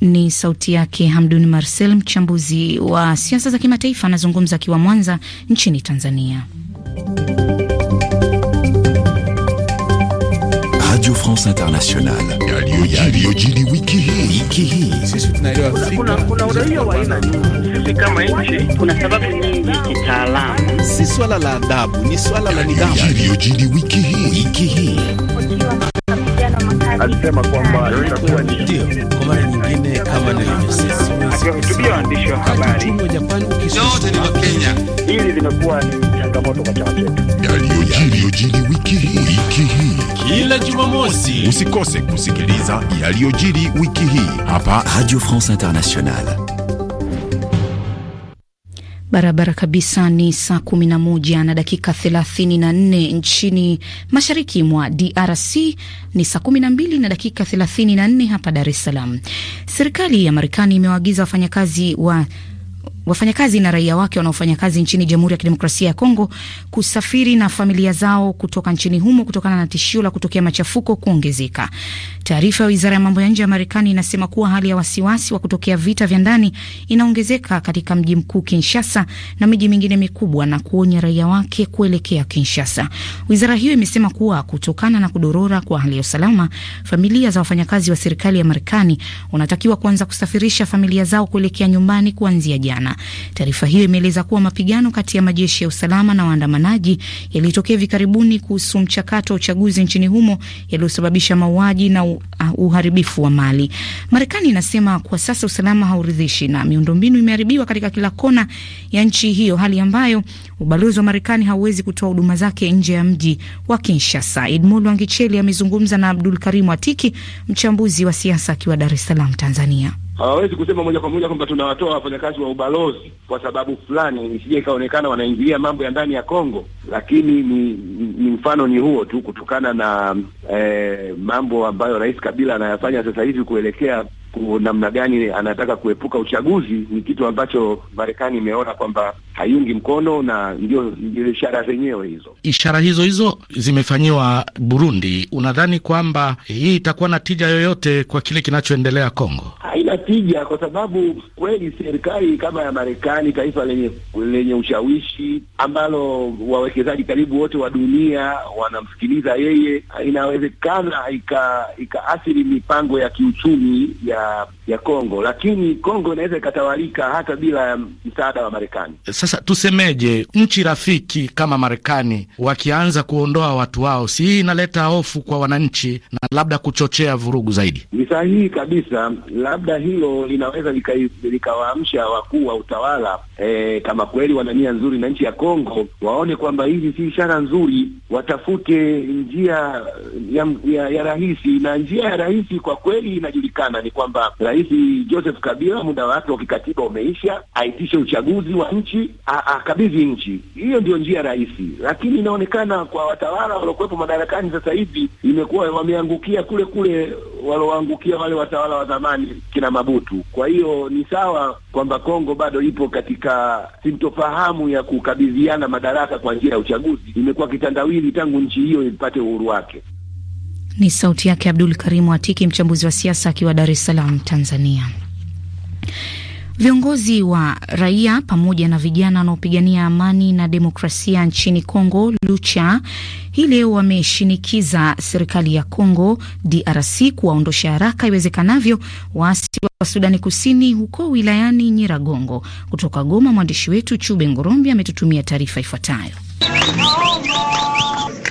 Ni sauti yake Hamdun Marcel, mchambuzi wa siasa za kimataifa, anazungumza akiwa Mwanza nchini Tanzania. Radio France Internationale. Si swala la adabu, ni swala la nidhamu. Wiki hii alisema kwamba itakuwa ndio kwa mara nyingine, kama nilivyosema, waandishi wa habari, yote ni Hili limekuwa ni changamoto kwa chama chetu. Yaliyojiri wiki hii wiki hii, kila Jumamosi usikose kusikiliza yaliyojiri wiki hii hapa Radio France Internationale. Barabara kabisa ni saa kumi na moja na dakika thelathini na nne nchini mashariki mwa DRC, ni saa kumi na mbili na dakika thelathini na nne hapa Dar es Salaam. Serikali ya Marekani imewaagiza wafanyakazi wa wafanyakazi na raia wake wanaofanya kazi nchini Jamhuri ya Kidemokrasia ya Kongo kusafiri na familia zao kutoka nchini humo kutokana na tishio la kutokea machafuko kuongezeka. Taarifa ya wizara ya mambo ya nje ya Marekani inasema kuwa hali ya wasiwasi wa kutokea vita vya ndani inaongezeka katika mji mkuu Kinshasa na miji mingine mikubwa na kuonya raia wake kuelekea Kinshasa. Wizara hiyo imesema kuwa kutokana na kudorora kwa hali ya usalama, familia za wafanyakazi wa serikali ya Marekani wanatakiwa kuanza kusafirisha familia zao kuelekea nyumbani kuanzia jana. Taarifa hiyo imeeleza kuwa mapigano kati ya majeshi ya usalama na waandamanaji yalitokea hivi karibuni kuhusu mchakato wa uchaguzi nchini humo yaliyosababisha mauaji na uh, uharibifu wa mali. Marekani inasema kwa sasa usalama hauridhishi na miundombinu imeharibiwa katika kila kona ya nchi hiyo, hali ambayo ubalozi wa Marekani hauwezi kutoa huduma zake nje ya mji wa Kinshasa. Edmond Wangicheli amezungumza na Abdul Karimu Atiki, mchambuzi wa siasa akiwa Dar es Salaam, Tanzania hawawezi kusema moja kwa moja kwamba tunawatoa wafanyakazi wa ubalozi kwa sababu fulani, isije ikaonekana wanaingilia mambo ya ndani ya Kongo, lakini ni, ni mfano ni huo tu, kutokana na eh, mambo ambayo Rais Kabila anayafanya sasa hivi kuelekea namna gani anataka kuepuka uchaguzi ni kitu ambacho Marekani imeona kwamba haiungi mkono, na ndio ishara zenyewe hizo. Ishara hizo hizo zimefanyiwa Burundi. Unadhani kwamba hii itakuwa na tija yoyote kwa kile kinachoendelea Kongo? Haina tija, kwa sababu kweli serikali kama ya Marekani, taifa lenye lenye ushawishi ambalo wawekezaji karibu wote wa dunia wanamsikiliza yeye, inawezekana ikaathiri ika mipango ya kiuchumi ya ya ya Kongo, lakini Kongo inaweza ikatawalika hata bila msaada wa Marekani. Sasa tusemeje, nchi rafiki kama Marekani wakianza kuondoa watu wao, si hii inaleta hofu kwa wananchi na labda kuchochea vurugu zaidi? Ni sahihi kabisa, labda hilo linaweza likawaamsha wakuu wa utawala e, kama kweli wana nia nzuri na nchi ya Kongo, waone kwamba hizi si ishara nzuri, watafute njia ya, ya, ya rahisi, na njia ya rahisi kwa kweli inajulikana ni kwa kwamba Rais Joseph Kabila muda wake wa kikatiba umeisha, aitishe uchaguzi wa nchi, akabidhi nchi. Hiyo ndio njia rahisi, lakini inaonekana kwa watawala waliokuwepo madarakani sasa hivi imekuwa wameangukia kule kule walioangukia wale watawala wa zamani kina Mabutu. Kwa hiyo ni sawa kwamba Kongo bado ipo katika sintofahamu ya kukabidhiana madaraka kwa njia ya uchaguzi, imekuwa kitandawili tangu nchi hiyo ipate uhuru wake. Ni sauti yake Abdul Karimu Atiki, mchambuzi wa siasa akiwa Dar es Salaam, Tanzania. Viongozi wa raia pamoja na vijana wanaopigania amani na demokrasia nchini Kongo Lucha hii leo wameshinikiza serikali ya Kongo DRC kuwaondosha haraka iwezekanavyo waasi wa Sudani Kusini huko wilayani Nyiragongo. Kutoka Goma, mwandishi wetu Chube Ngorombi ametutumia taarifa ifuatayo.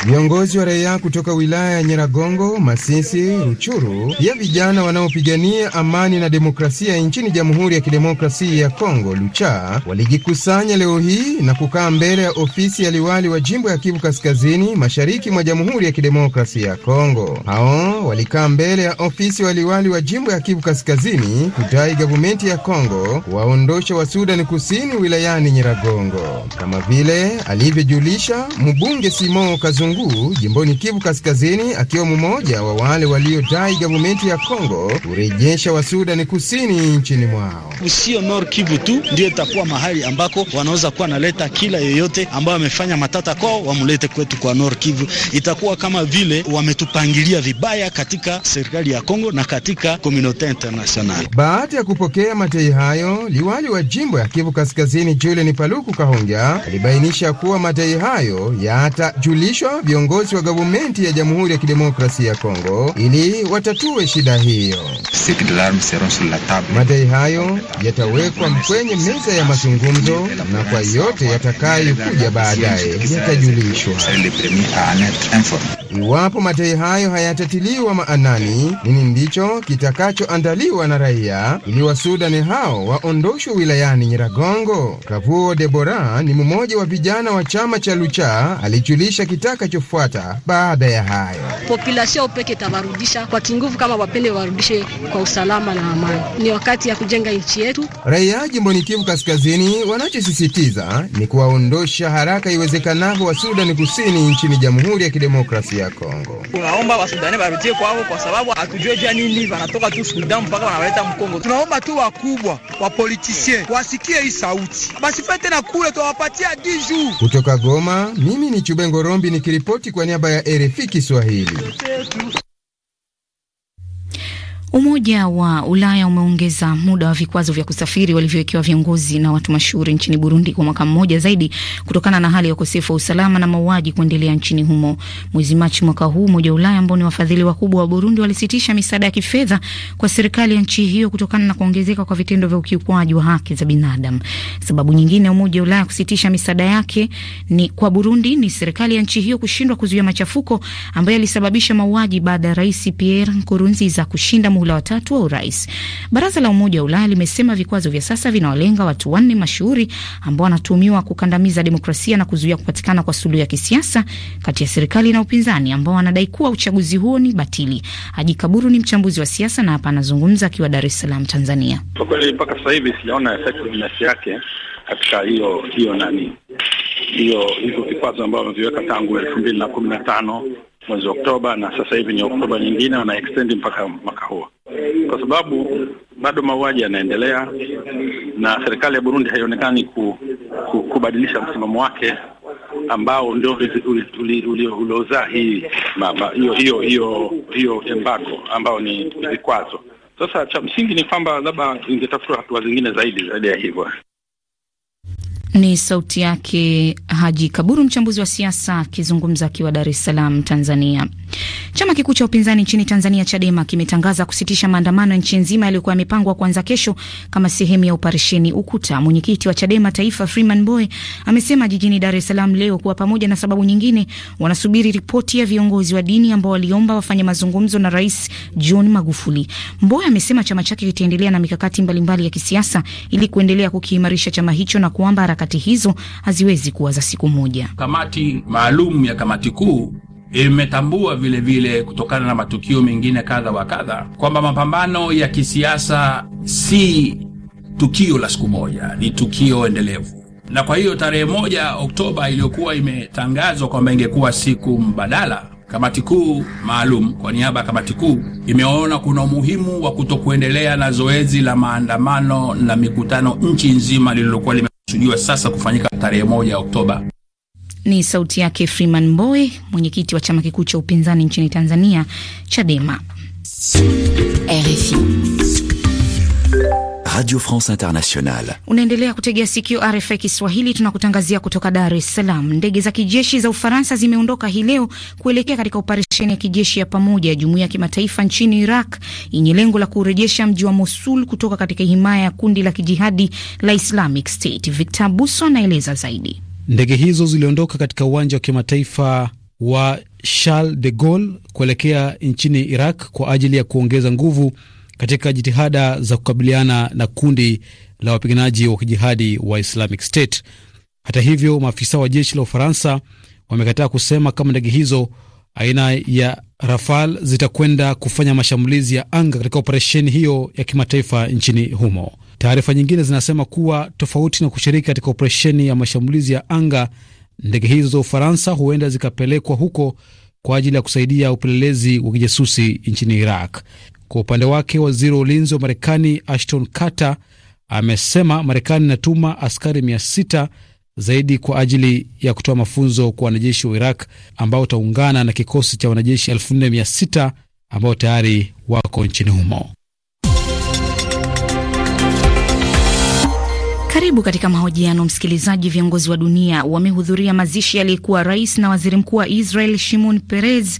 Viongozi wa raia kutoka wilaya ya Nyiragongo, Masisi, Ruchuru ya vijana wanaopigania amani na demokrasia nchini Jamhuri ya Kidemokrasia ya Kongo, Lucha, walijikusanya leo hii na kukaa mbele ya ofisi ya liwali wa jimbo ya Kivu Kaskazini, mashariki mwa Jamhuri ya Kidemokrasia ya Kongo. Hao walikaa mbele ya ofisi wa liwali wa jimbo ya Kivu Kaskazini kudai gavumenti ya Kongo waondosha wa Sudani Kusini wilayani Nyiragongo, kama vile alivyojulisha mbunge Simon Kazungu Itunguu jimboni Kivu Kaskazini, akiwa mmoja wa wale waliodai gavumenti ya Kongo kurejesha Wasudani kusini nchini mwao. Sio Nord Kivu tu ndio itakuwa mahali ambako wanaweza kuwa naleta kila yeyote ambayo amefanya matata kwao, wamulete kwetu kwa Nord Kivu. Itakuwa kama vile wametupangilia vibaya katika serikali ya Kongo na katika komunote international. Baada ya kupokea madai hayo, liwali wa jimbo ya Kivu Kaskazini Julian Paluku Kahongya alibainisha kuwa madai hayo yatajulishwa viongozi wa gavumenti ya Jamhuri ya Kidemokrasia ya Kongo ili watatue shida hiyo. Madai hayo yatawekwa kwenye meza ya mazungumzo na kwa yote yatakayokuja baadaye yatajulishwa. Iwapo madai hayo hayatatiliwa maanani, nini ndicho kitakachoandaliwa na raia ili wasudani hao waondoshwe wilayani Nyiragongo? Kavuo Debora ni mmoja wa vijana wa chama cha Lucha alijulisha kitaka kitakachofuata baada ya hayo. Populasio peke itawarudisha kwa kinguvu, kama wapende warudishe kwa usalama na amani. Ni wakati ya kujenga nchi yetu. Raia jimboni Kivu Kaskazini wanachosisitiza ni kuwaondosha haraka iwezekanavyo wa Sudani Kusini nchini Jamhuri ya Kidemokrasia ya Kongo. Tunaomba Wasudani warudie kwao, kwa sababu hatujue ja nini wanatoka tu Sudan mpaka wanawaleta Mkongo. Tunaomba tu wakubwa wa politisien wasikie hii sauti, basipe tena kule, tuwapatia diju kutoka Goma. Mimi ni Chubengo Rombi nikiri nikiripoti kwa niaba ya RFI Kiswahili. Umoja wa Ulaya umeongeza muda wa vikwazo vya kusafiri walivyowekewa viongozi na watu mashuhuri nchini Burundi kwa mwaka mmoja zaidi kutokana na hali ya ukosefu wa usalama na mauaji kuendelea nchini humo. Mwezi Machi mwaka huu, Umoja wa Ulaya ambao ni wafadhili wakubwa wa Burundi walisitisha misaada ya kifedha kwa serikali ya nchi hiyo kutokana na kuongezeka kwa vitendo vya ukiukwaji wa haki za binadamu. Sababu nyingine Umoja wa Ulaya kusitisha misaada yake ni kwa Burundi ni serikali ya nchi hiyo kushindwa kuzuia machafuko ambayo yalisababisha mauaji baada ya Rais Pierre Nkurunziza kushinda muhula wa tatu wa urais. Baraza la Umoja wa Ulaya limesema vikwazo vya sasa vinawalenga watu wanne mashuhuri ambao wanatuhumiwa kukandamiza demokrasia na kuzuia kupatikana kwa suluhu ya kisiasa kati ya serikali na upinzani ambao wanadai kuwa uchaguzi huo ni batili. Haji Kaburu ni mchambuzi wa siasa na hapa anazungumza akiwa Dar es Salaam, Tanzania. Kwa kweli mpaka sasa hivi sijaona effectiveness yake katika hiyo hiyo nani hiyo hivyo vikwazo ambavyo wameviweka tangu elfu mbili na kumi na tano mwezi Oktoba na sasa hivi ni Oktoba nyingine, wana extend mpaka mwaka huo, kwa sababu bado mauaji yanaendelea na serikali ya Burundi haionekani ku, ku, kubadilisha msimamo wake ambao ndio uliozaa hii hiyo hiyo hiyo embargo ambao ni vikwazo. Sasa cha msingi ni kwamba labda ingetafuta hatua zingine zaidi zaidi ya hivyo. Ni sauti yake Haji Kaburu, mchambuzi wa siasa akizungumza akiwa Dar es Salaam, Tanzania. Chama kikuu cha upinzani nchini Tanzania, Chadema, kimetangaza kusitisha maandamano ya nchi nzima yaliyokuwa yamepangwa kuanza kesho kama sehemu ya operesheni Ukuta. Mwenyekiti wa Chadema Taifa, Freeman Boy amesema jijini Dar es Salaam leo kuwa pamoja na sababu nyingine, wanasubiri ripoti ya viongozi wa dini ambao waliomba wafanye mazungumzo na Rais John Magufuli. Mbowe amesema chama chake kitaendelea na mikakati mbalimbali ya kisiasa ili kuendelea kukiimarisha chama hicho na kuamba harakati hizo haziwezi kuwa za siku moja. Kamati maalum ya kamati kuu imetambua vile vile kutokana na matukio mengine kadha wa kadha kwamba mapambano ya kisiasa si tukio la siku moja, ni tukio endelevu. Na kwa hiyo tarehe moja Oktoba iliyokuwa imetangazwa kwamba ingekuwa siku mbadala, kamati kuu maalum kwa niaba ya kamati kuu imeona kuna umuhimu wa kutokuendelea na zoezi la maandamano na mikutano nchi nzima lililokuwa limekusudiwa sasa kufanyika tarehe moja Oktoba. Ni sauti yake Freeman Mbowe, mwenyekiti wa chama kikuu cha upinzani nchini Tanzania, Chadema. RFI Radio France Internationale. Unaendelea kutegea sikio RFI Kiswahili, tunakutangazia kutoka Dar es Salaam. Ndege za kijeshi za Ufaransa zimeondoka hii leo kuelekea katika operesheni ya kijeshi ya pamoja ya jumuiya ya kimataifa nchini Iraq yenye lengo la kurejesha mji wa Mosul kutoka katika himaya ya kundi la kijihadi la Islamic State. Victor Buso anaeleza zaidi. Ndege hizo ziliondoka katika uwanja wa kimataifa wa Charles de Gaulle kuelekea nchini Iraq kwa ajili ya kuongeza nguvu katika jitihada za kukabiliana na kundi la wapiganaji wa kijihadi wa Islamic State. Hata hivyo, maafisa wa jeshi la Ufaransa wamekataa kusema kama ndege hizo aina ya Rafale zitakwenda kufanya mashambulizi ya anga katika operesheni hiyo ya kimataifa nchini humo. Taarifa nyingine zinasema kuwa tofauti na kushiriki katika operesheni ya mashambulizi ya anga, ndege hizo za Ufaransa huenda zikapelekwa huko kwa ajili ya kusaidia upelelezi wa kijasusi nchini Iraq. Kwa upande wake, waziri wa ulinzi wa Marekani Ashton Carter amesema Marekani inatuma askari mia sita zaidi kwa ajili ya kutoa mafunzo kwa wanajeshi wa Iraq ambao utaungana na kikosi cha wanajeshi elfu nne mia sita ambao tayari wako nchini humo. Karibu katika mahojiano msikilizaji. Viongozi wa dunia wamehudhuria mazishi aliyekuwa rais na waziri mkuu wa Israel Shimon Peres.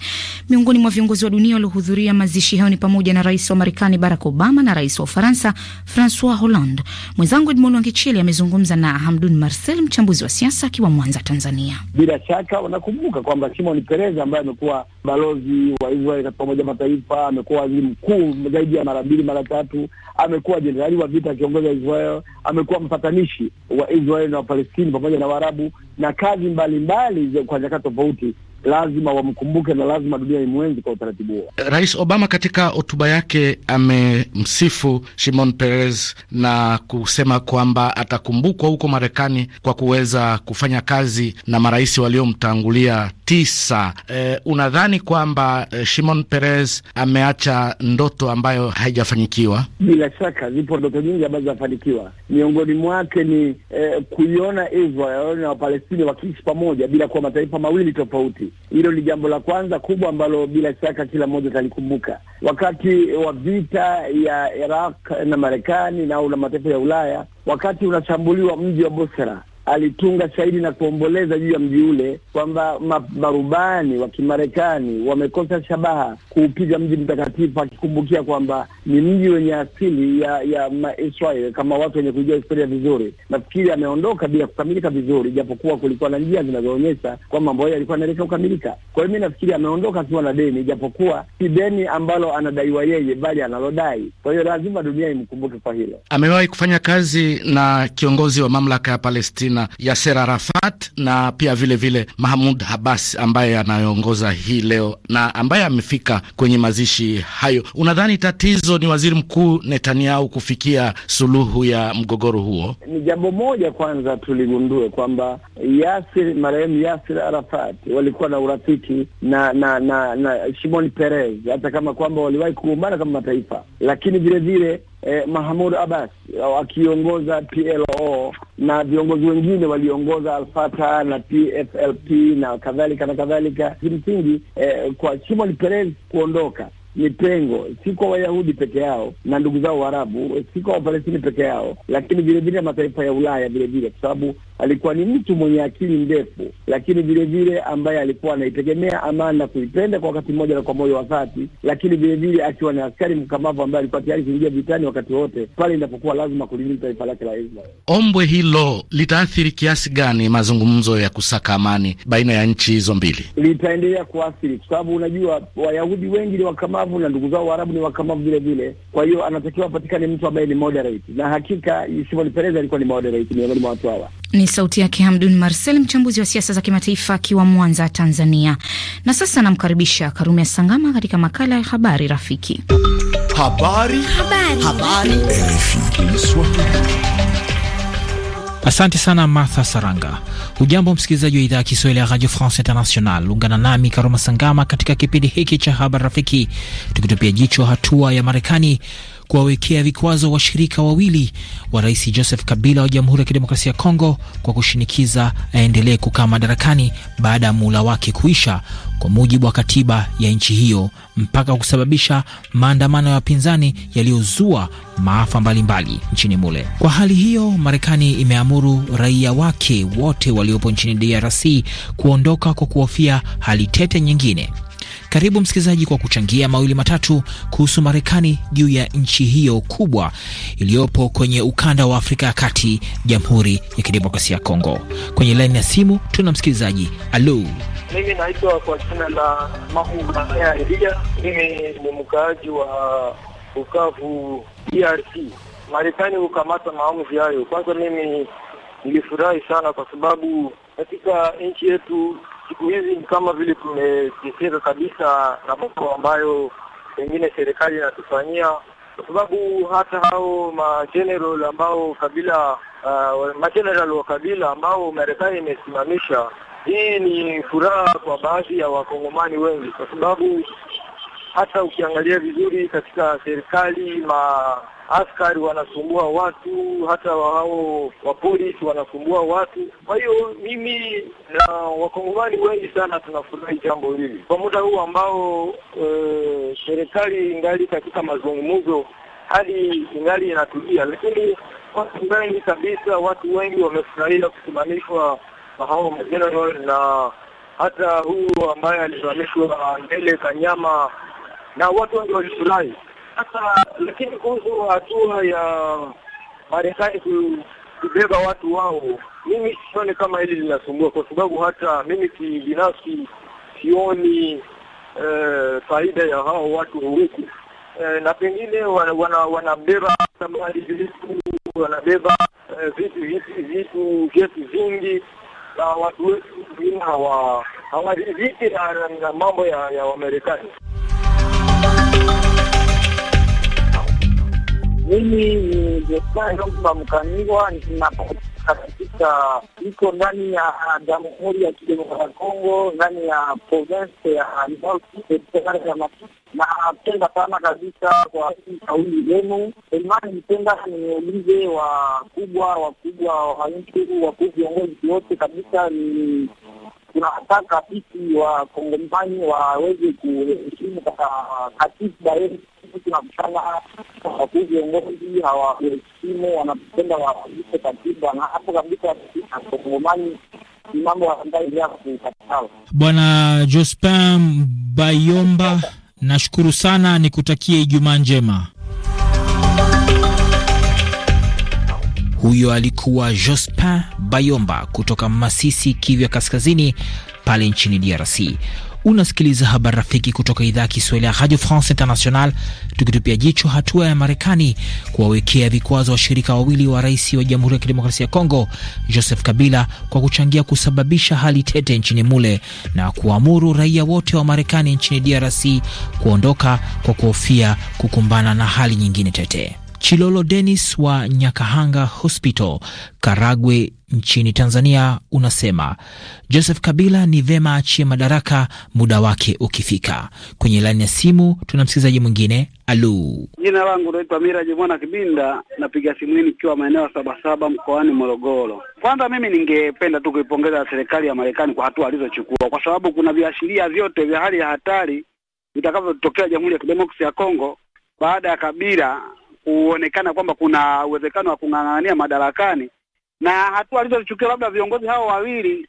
Miongoni mwa viongozi wa dunia waliohudhuria mazishi hayo ni pamoja na rais wa Marekani Barack Obama na rais wa Ufaransa Francois Hollande. Mwenzangu Edmond Wangicheli amezungumza na Hamdun Marcel, mchambuzi wa siasa akiwa Mwanza, Tanzania. Bila shaka wanakumbuka kwamba Shimon Peres ambaye amekuwa balozi wa Israel katika Umoja wa Mataifa, amekuwa waziri mkuu zaidi ya mara mbili mara tatu, amekuwa jenerali wa vita akiongoza Israel, amekuwa wapatanishi wa Israeli na Wapalestini pamoja na Waarabu na kazi mbalimbali kwa nyakati tofauti lazima wamkumbuke na lazima dunia imwenzi kwa utaratibu huo. Rais Obama katika hotuba yake amemsifu Shimon Peres na kusema kwamba atakumbukwa huko Marekani kwa kuweza kufanya kazi na marais waliomtangulia tisa. E, unadhani kwamba e, Shimon Peres ameacha ndoto ambayo haijafanyikiwa? Bila shaka zipo ndoto nyingi ambazo zinafanikiwa, miongoni mwake ni e, kuiona Israel na Wapalestini wakiishi pamoja bila kuwa mataifa mawili tofauti hilo ni jambo la kwanza kubwa ambalo bila shaka kila mmoja atalikumbuka. Wakati wa vita ya Iraq na Marekani au na mataifa ya Ulaya, wakati unashambuliwa mji wa Bosra alitunga shahidi na kuomboleza juu ya mji ule kwamba marubani wa Kimarekani wamekosa shabaha kuupiga mji mtakatifu, akikumbukia kwamba ni mji wenye asili ya ya Maisrael. kama watu wenye kujua historia vizuri. Nafikiri ameondoka bila kukamilika vizuri, japokuwa kulikuwa na njia zinazoonyesha kwamba mambo hayo yalikuwa anaelekea kukamilika. Kwa hiyo mi nafikiri ameondoka akiwa na deni, japokuwa si deni ambalo anadaiwa yeye, bali analodai. Kwa hiyo lazima dunia imkumbuke kwa hilo. Amewahi kufanya kazi na kiongozi wa mamlaka ya Palestina bwana Yaser Arafat na pia vilevile vile Mahmud Abbas ambaye anayeongoza hii leo na ambaye amefika kwenye mazishi hayo. Unadhani tatizo ni waziri mkuu Netanyahu kufikia suluhu ya mgogoro huo? Ni jambo moja kwanza tuligundue kwamba Yasir, marehemu Yasir Arafat walikuwa na urafiki na na na, na Shimon Peres, hata kama kwamba waliwahi kugombana kama mataifa, lakini vilevile eh, Mahmoud Abbas akiongoza PLO na viongozi wengine waliongoza Alfata na PFLP na kadhalika na kadhalika, kimsingi eh, kwa Shimon Peres kuondoka ni pengo, si kwa Wayahudi peke yao na ndugu zao Waarabu, si kwa Wapalestini peke yao, lakini vilevile mataifa ya Ulaya vilevile, kwa sababu alikuwa ni mtu mwenye akili ndefu, lakini vilevile ambaye alikuwa anaitegemea amani na kuipenda kwa wakati mmoja na kwa moyo wa dhati, lakini vilevile akiwa na askari mkamavu ambaye alikuwa tayari kuingia vitani wakati wote pale inapokuwa lazima kulilinda taifa lake la Israel. Ombwe hilo litaathiri kiasi gani mazungumzo ya kusaka amani baina ya nchi hizo mbili? Litaendelea kuathiri kwa sababu unajua Wayahudi wengi ni wakamavu Waarabu na ndugu zao Waarabu ni wakamavu vile vile. Kwa hiyo anatakiwa apatikane mtu ambaye ni moderate, na hakika Simon Perez alikuwa ni moderate miongoni mwa watu hawa. Ni sauti yake Hamdun Marcel, mchambuzi wa siasa za kimataifa akiwa Mwanza, Tanzania. Na sasa namkaribisha Karume Sangama katika makala ya habari rafiki. Habari, habari, habari. Habari. Asante sana Martha Saranga. ujambo msikilizaji wa idhaa ya Kiswahili ya Radio France International. Ungana nami Karoma Sangama katika kipindi hiki cha Habari Rafiki, tukitupia jicho hatua ya Marekani kuwawekea vikwazo washirika wawili wa rais Joseph Kabila wa Jamhuri ya Kidemokrasia ya Kongo kwa kushinikiza aendelee kukaa madarakani baada ya muhula wake kuisha kwa mujibu wa katiba ya nchi hiyo, mpaka kusababisha maandamano ya wapinzani yaliyozua maafa mbalimbali mbali nchini mule. Kwa hali hiyo, Marekani imeamuru raia wake wote waliopo nchini DRC kuondoka kwa kuhofia hali tete nyingine. Karibu msikilizaji kwa kuchangia mawili matatu kuhusu Marekani juu ya nchi hiyo kubwa iliyopo kwenye ukanda wa Afrika ya Kati, Jamhuri ya Kidemokrasia ya Kongo. Kwenye laini ya simu tuna msikilizaji. Alo, mimi naitwa kwa jina la Mahuaea Mimi ni mkaaji wa Bukavu, DRC. Marekani hukamata maamuzi hayo, kwanza mimi nilifurahi sana kwa sababu katika nchi yetu siku hizi ni kama vile tumeteseka kabisa na mambo ambayo pengine serikali inatufanyia, kwa sababu hata hao majeneral ambao kabila uh, majeneral wa kabila ambao Marekani imesimamisha, hii ni furaha kwa baadhi ya wakongomani wengi, kwa sababu hata ukiangalia vizuri katika serikali ma askari wanasumbua watu, hata hao wapolisi wanasumbua watu. Kwa hiyo mimi na wakongomani wengi sana tunafurahi jambo hili kwa muda huu ambao e, serikali ingali katika mazungumzo, hali ingali inatulia, lakini watu wengi kabisa, watu wengi wamefurahia kusimamishwa hao majenerali na hata huu ambaye alisimamishwa mbele Kanyama, na watu wengi walifurahi. Sasa lakini kuhusu hatua ya Marekani kubeba watu wao, mimi sioni kama hili linasumbua, kwa sababu hata mimi kibinafsi sioni eh, faida ya hao watu huku eh, na pengine wanabeba wana, wana vitu wanabeba eh, vitu vitu vitu vyetu vingi na watu wetu wengine hawaridhiki na mambo ya, ya Wamarekani. Mimi ni Josaomba Mkaniwa, ninapatikana katika, ndani ya Jamhuri ya Kidemokrasia ya Kongo, ndani ya province ya ya Napenda sana kabisa kwa kauli yenu. Imani nipenda niulize wakubwa wakubwa wa nchi wakuu, viongozi wote kabisa ni tunataka sisi Wakongomani waweze kuheshimu katiba yetu kitu kinakufanya wakuu viongozi hawaheshimu wanapenda waise katiba, na hapo kabisa Wakongomani ni mambo ambayo ya kukatala. Bwana Jospin Bayomba, nashukuru sana, nikutakie Ijumaa njema. Huyo alikuwa Jospin Bayomba kutoka Masisi, Kivya Kaskazini, pale nchini DRC. Unasikiliza habari rafiki kutoka idhaa ya Kiswahili ya Radio France International, tukitupia jicho hatua ya Marekani kuwawekea vikwazo washirika wawili wa rais wa Jamhuri ya Kidemokrasia ya Kongo, Joseph Kabila, kwa kuchangia kusababisha hali tete nchini mule na kuamuru raia wote wa Marekani nchini DRC kuondoka kwa kuhofia kukumbana na hali nyingine tete. Chilolo denis wa Nyakahanga Hospital, Karagwe nchini Tanzania unasema Joseph Kabila ni vema achie madaraka muda wake ukifika. Kwenye laini ya simu tuna msikilizaji mwingine. Alu, jina langu naitwa Miraji Mwana Kibinda, napiga simu hii nikiwa maeneo ya Sabasaba mkoani Morogoro. Kwanza mimi ningependa tu kuipongeza serikali ya Marekani kwa hatua alizochukua, kwa sababu kuna viashiria vyote vya hali ya hatari vitakavyotokea Jamhuri ya Kidemokrasia ya Kongo baada ya Kabila kuonekana kwamba kuna uwezekano wa kung'ang'ania madarakani, na hatua alizochukua labda viongozi hao wawili,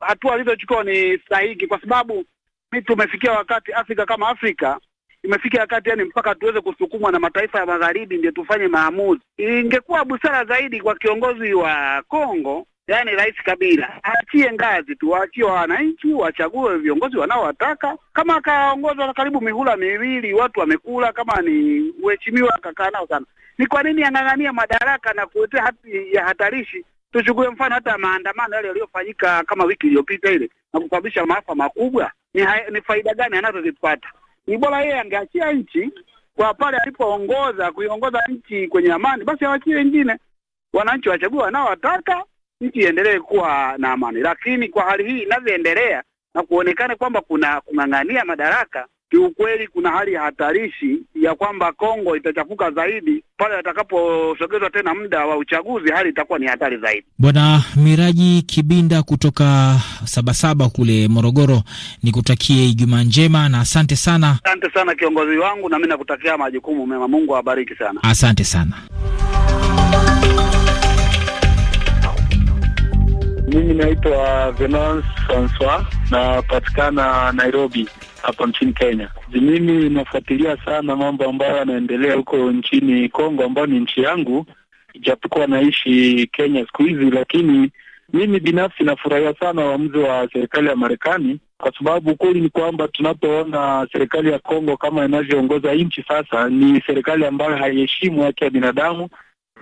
hatua alizochukua ni sahihi, kwa sababu mi tumefikia wakati Afrika kama Afrika imefikia wakati yani mpaka tuweze kusukumwa na mataifa ya magharibi ndio tufanye maamuzi. Ingekuwa busara zaidi kwa kiongozi wa Kongo yani Rais Kabila aachie ngazi tu, waachie wananchi wachague viongozi wanaowataka. Kama akaongozwa karibu mihula miwili, watu wamekula, kama ni uheshimiwa akakaa nao sana, ni kwa nini ang'ang'ania madaraka na kuletea hati ya hatarishi? Tuchukue mfano hata maandamano yale yaliyofanyika kama wiki iliyopita ile na kusababisha maafa makubwa, ni, ni faida gani anazozipata? Ni bora yeye angeachia nchi kwa pale alipoongoza kuiongoza nchi kwenye amani, basi awachie wengine, wananchi wachague wanaowataka nchi iendelee kuwa na amani, lakini kwa hali hii inavyoendelea na kuonekana kwamba kuna kung'ang'ania madaraka, kiukweli kuna hali ya hatarishi ya kwamba Kongo itachafuka zaidi pale atakaposogezwa tena muda wa uchaguzi, hali itakuwa ni hatari zaidi. Bwana Miraji Kibinda kutoka Sabasaba kule Morogoro, nikutakie Ijumaa njema na asante sana. Asante sana kiongozi wangu, na mimi nakutakia majukumu mema. Mungu awabariki sana, asante sana. Mimi naitwa Venance Francois, napatikana Nairobi hapa nchini Kenya. Mimi nafuatilia sana mambo ambayo yanaendelea huko nchini Kongo, ambayo ni nchi yangu, ijapokuwa naishi Kenya siku hizi, lakini mimi binafsi nafurahia sana uamuzi wa serikali ya Marekani kwa sababu ukweli ni kwamba tunapoona serikali ya Kongo kama inavyoongoza nchi sasa, ni serikali ambayo haiheshimu haki ya binadamu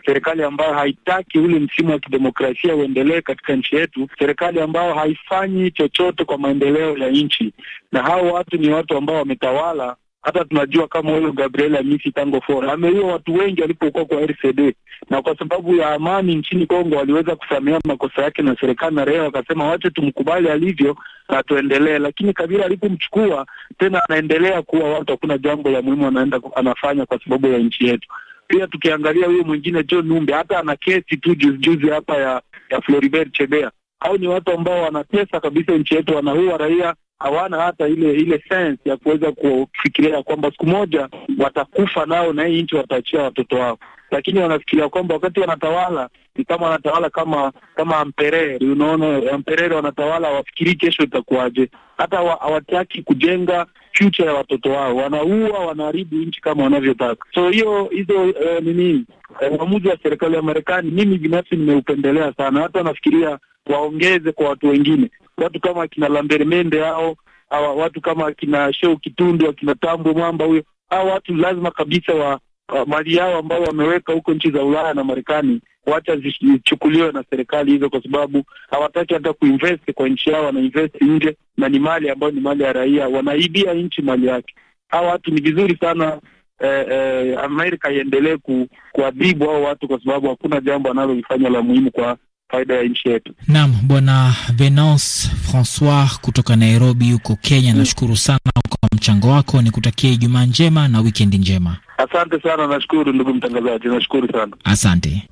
serikali ambayo haitaki ule msimu wa kidemokrasia uendelee katika nchi yetu, serikali ambayo haifanyi chochote kwa maendeleo ya nchi. Na hao watu ni watu ambao wametawala hata tunajua kama huyo Gabriel Amisi Tango Fora ameua watu wengi alipokuwa kwa RCD, na kwa sababu ya amani nchini Kongo waliweza kusamea makosa yake na serikali na raia wakasema, wache tumkubali alivyo na tuendelee. Lakini Kabila alipomchukua tena, anaendelea kuwa watu, hakuna jambo la muhimu anaenda anafanya kwa sababu ya nchi yetu. Pia tukiangalia huyo mwingine John Numbe, hata ana kesi tu juzi juzi hapa ya, ya Floribert Chebea. Au ni watu ambao wanatesa kabisa nchi yetu, wanaua raia, hawana hata ile ile sense ya kuweza kufikiria ya kwamba siku moja watakufa nao na hii nchi wataachia watoto wao lakini wanafikiria kwamba wakati wanatawala ni kama wanatawala kama kama ampereri. Unaona, ampereri wanatawala, hawafikirii kesho itakuwaje, hata hawataki kujenga future ya watoto wao, wanaua, wanaharibu nchi kama wanavyotaka. So hiyo hizo uh, nini eh, uamuzi uh, wa serikali ya Marekani mimi binafsi nimeupendelea sana. Hata wanafikiria waongeze kwa watu wengine, watu kama akina Lambert Mende ao hawa watu kama akina Sheu Kitundu akina Tambo Mwamba, huyo hawa watu lazima kabisa wa uh, mali yao ambao wameweka huko nchi za Ulaya na Marekani wacha zichukuliwe na serikali hizo, kwa sababu hawataki hata kuinvest kwa nchi yao, wanainvest nje na ni mali ambayo ni mali ya raia, wanaibia nchi mali yake. Hawa watu ni vizuri sana eh, eh, Amerika iendelee ku, kuadhibu hao watu, kwa sababu hakuna jambo analolifanya la muhimu kwa faida ya nchi yetu. Naam, Bwana Venance Francois kutoka Nairobi huko Kenya, nashukuru sana kwa mchango wako, nikutakie Ijumaa njema na wikendi njema. Asante sana, nashukuru ndugu mtangazaji, nashukuru sana, asante.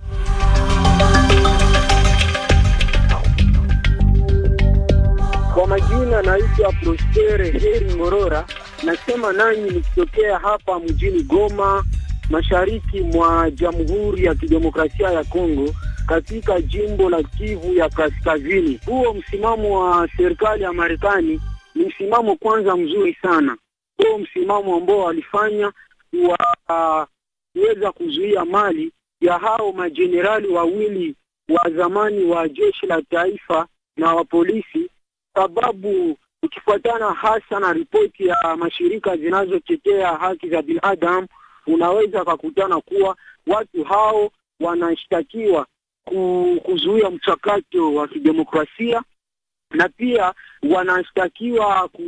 Kwa majina naitwa Prospere Heri morora nasema nanyi nikitokea hapa mjini Goma, mashariki mwa Jamhuri ya Kidemokrasia ya Kongo, katika jimbo la Kivu ya Kaskazini. Huo msimamo wa serikali ya Marekani ni msimamo kwanza mzuri sana, huo msimamo ambao walifanya kuweza kuzuia mali ya hao majenerali wawili wa zamani wa jeshi la taifa na wa polisi, sababu ukifuatana hasa na ripoti ya mashirika zinazotetea haki za binadamu, unaweza kakutana kuwa watu hao wanashtakiwa kuzuia mchakato wa kidemokrasia na pia wanashtakiwa ku,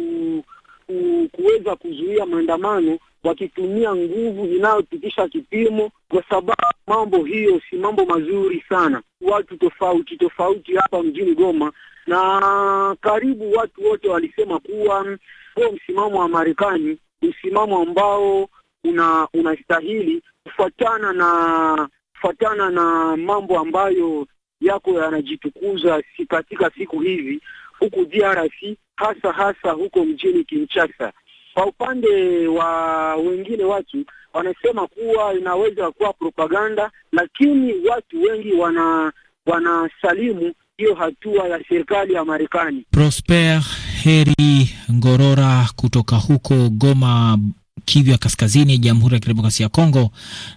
ku, kuweza kuzuia maandamano wakitumia nguvu inayopitisha kipimo, kwa sababu mambo hiyo si mambo mazuri sana. Watu tofauti tofauti hapa mjini Goma na karibu watu wote walisema kuwa huo msimamo wa Marekani msimamo ambao una unastahili kufuatana na kufuatana na mambo ambayo yako yanajitukuza si katika siku hizi huku DRC hasa hasa huko mjini Kinshasa. Kwa upande wa wengine, watu wanasema kuwa inaweza kuwa propaganda, lakini watu wengi wana wanasalimu hiyo hatua ya serikali ya Marekani. Prosper Heri Ngorora kutoka huko Goma, Kivu ya Kaskazini, Jamhuri ya Kidemokrasia ya Kongo.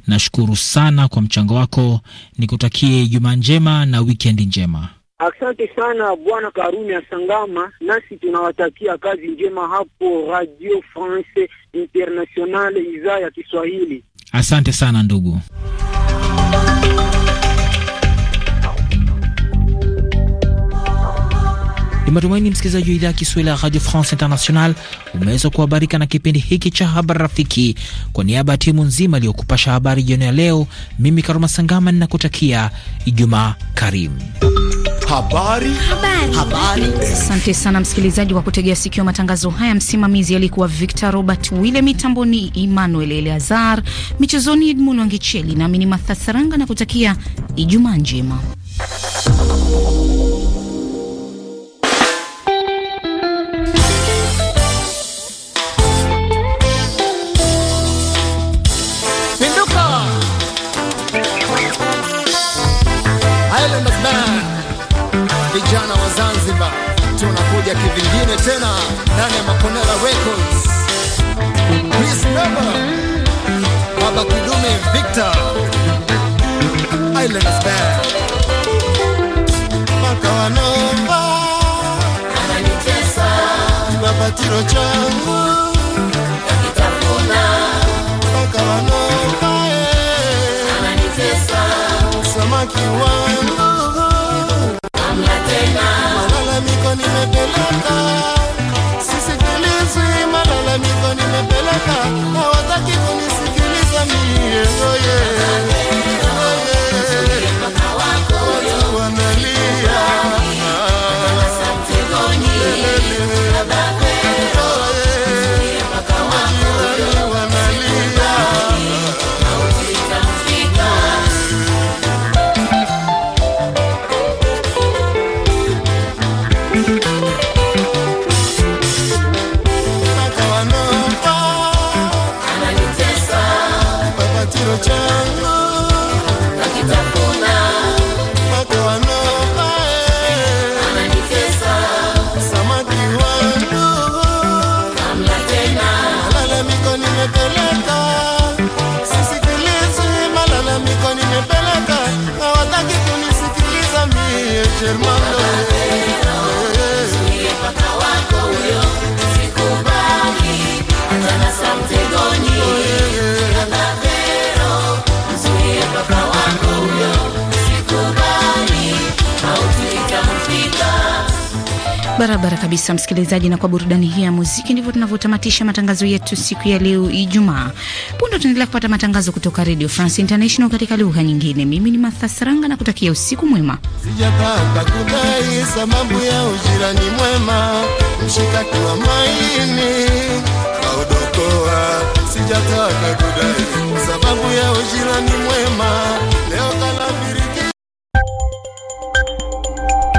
Nashukuru sana kwa mchango wako, nikutakie juma njema na wikendi njema. Asante sana Bwana Karume Asangama, nasi tunawatakia kazi njema hapo Radio France Internationale, idhaa ya Kiswahili. Asante sana ndugu. Ni matumaini msikilizaji wa idhaa ya Kiswahili ya Radio France International umeweza kuhabarika na kipindi hiki cha habari rafiki. Kwa niaba ya timu nzima iliyokupasha habari jioni ya leo, mimi Karuma Sangama ninakutakia Ijumaa karimu. Habari. Habari. Habari. Asante sana msikilizaji wa kutegea sikio matangazo haya. Msimamizi alikuwa Victor Robert Wile, mitamboni Emmanuel Eleazar, michezoni Edmund Wangicheli, nami ni Mathasaranga na kutakia Ijumaa njema. kuja kivingine tena ndani ya Maponela Records. Chris never Baba Kidume Victor Island is bad mpaka wanaomba ananitesa kipapatiro changu kabisa msikilizaji, na kwa burudani hii ya muziki ndivyo tunavyotamatisha matangazo yetu siku ya leo Ijumaa. Punde tunaendelea kupata matangazo kutoka Radio France International katika lugha nyingine. Mimi ni Martha Saranga na kutakia usiku mwema. Sijataka kudai sababu ya ujirani mwema, mshika kwa maini kaudokoa. Sijataka kudai sababu ya ujirani mwema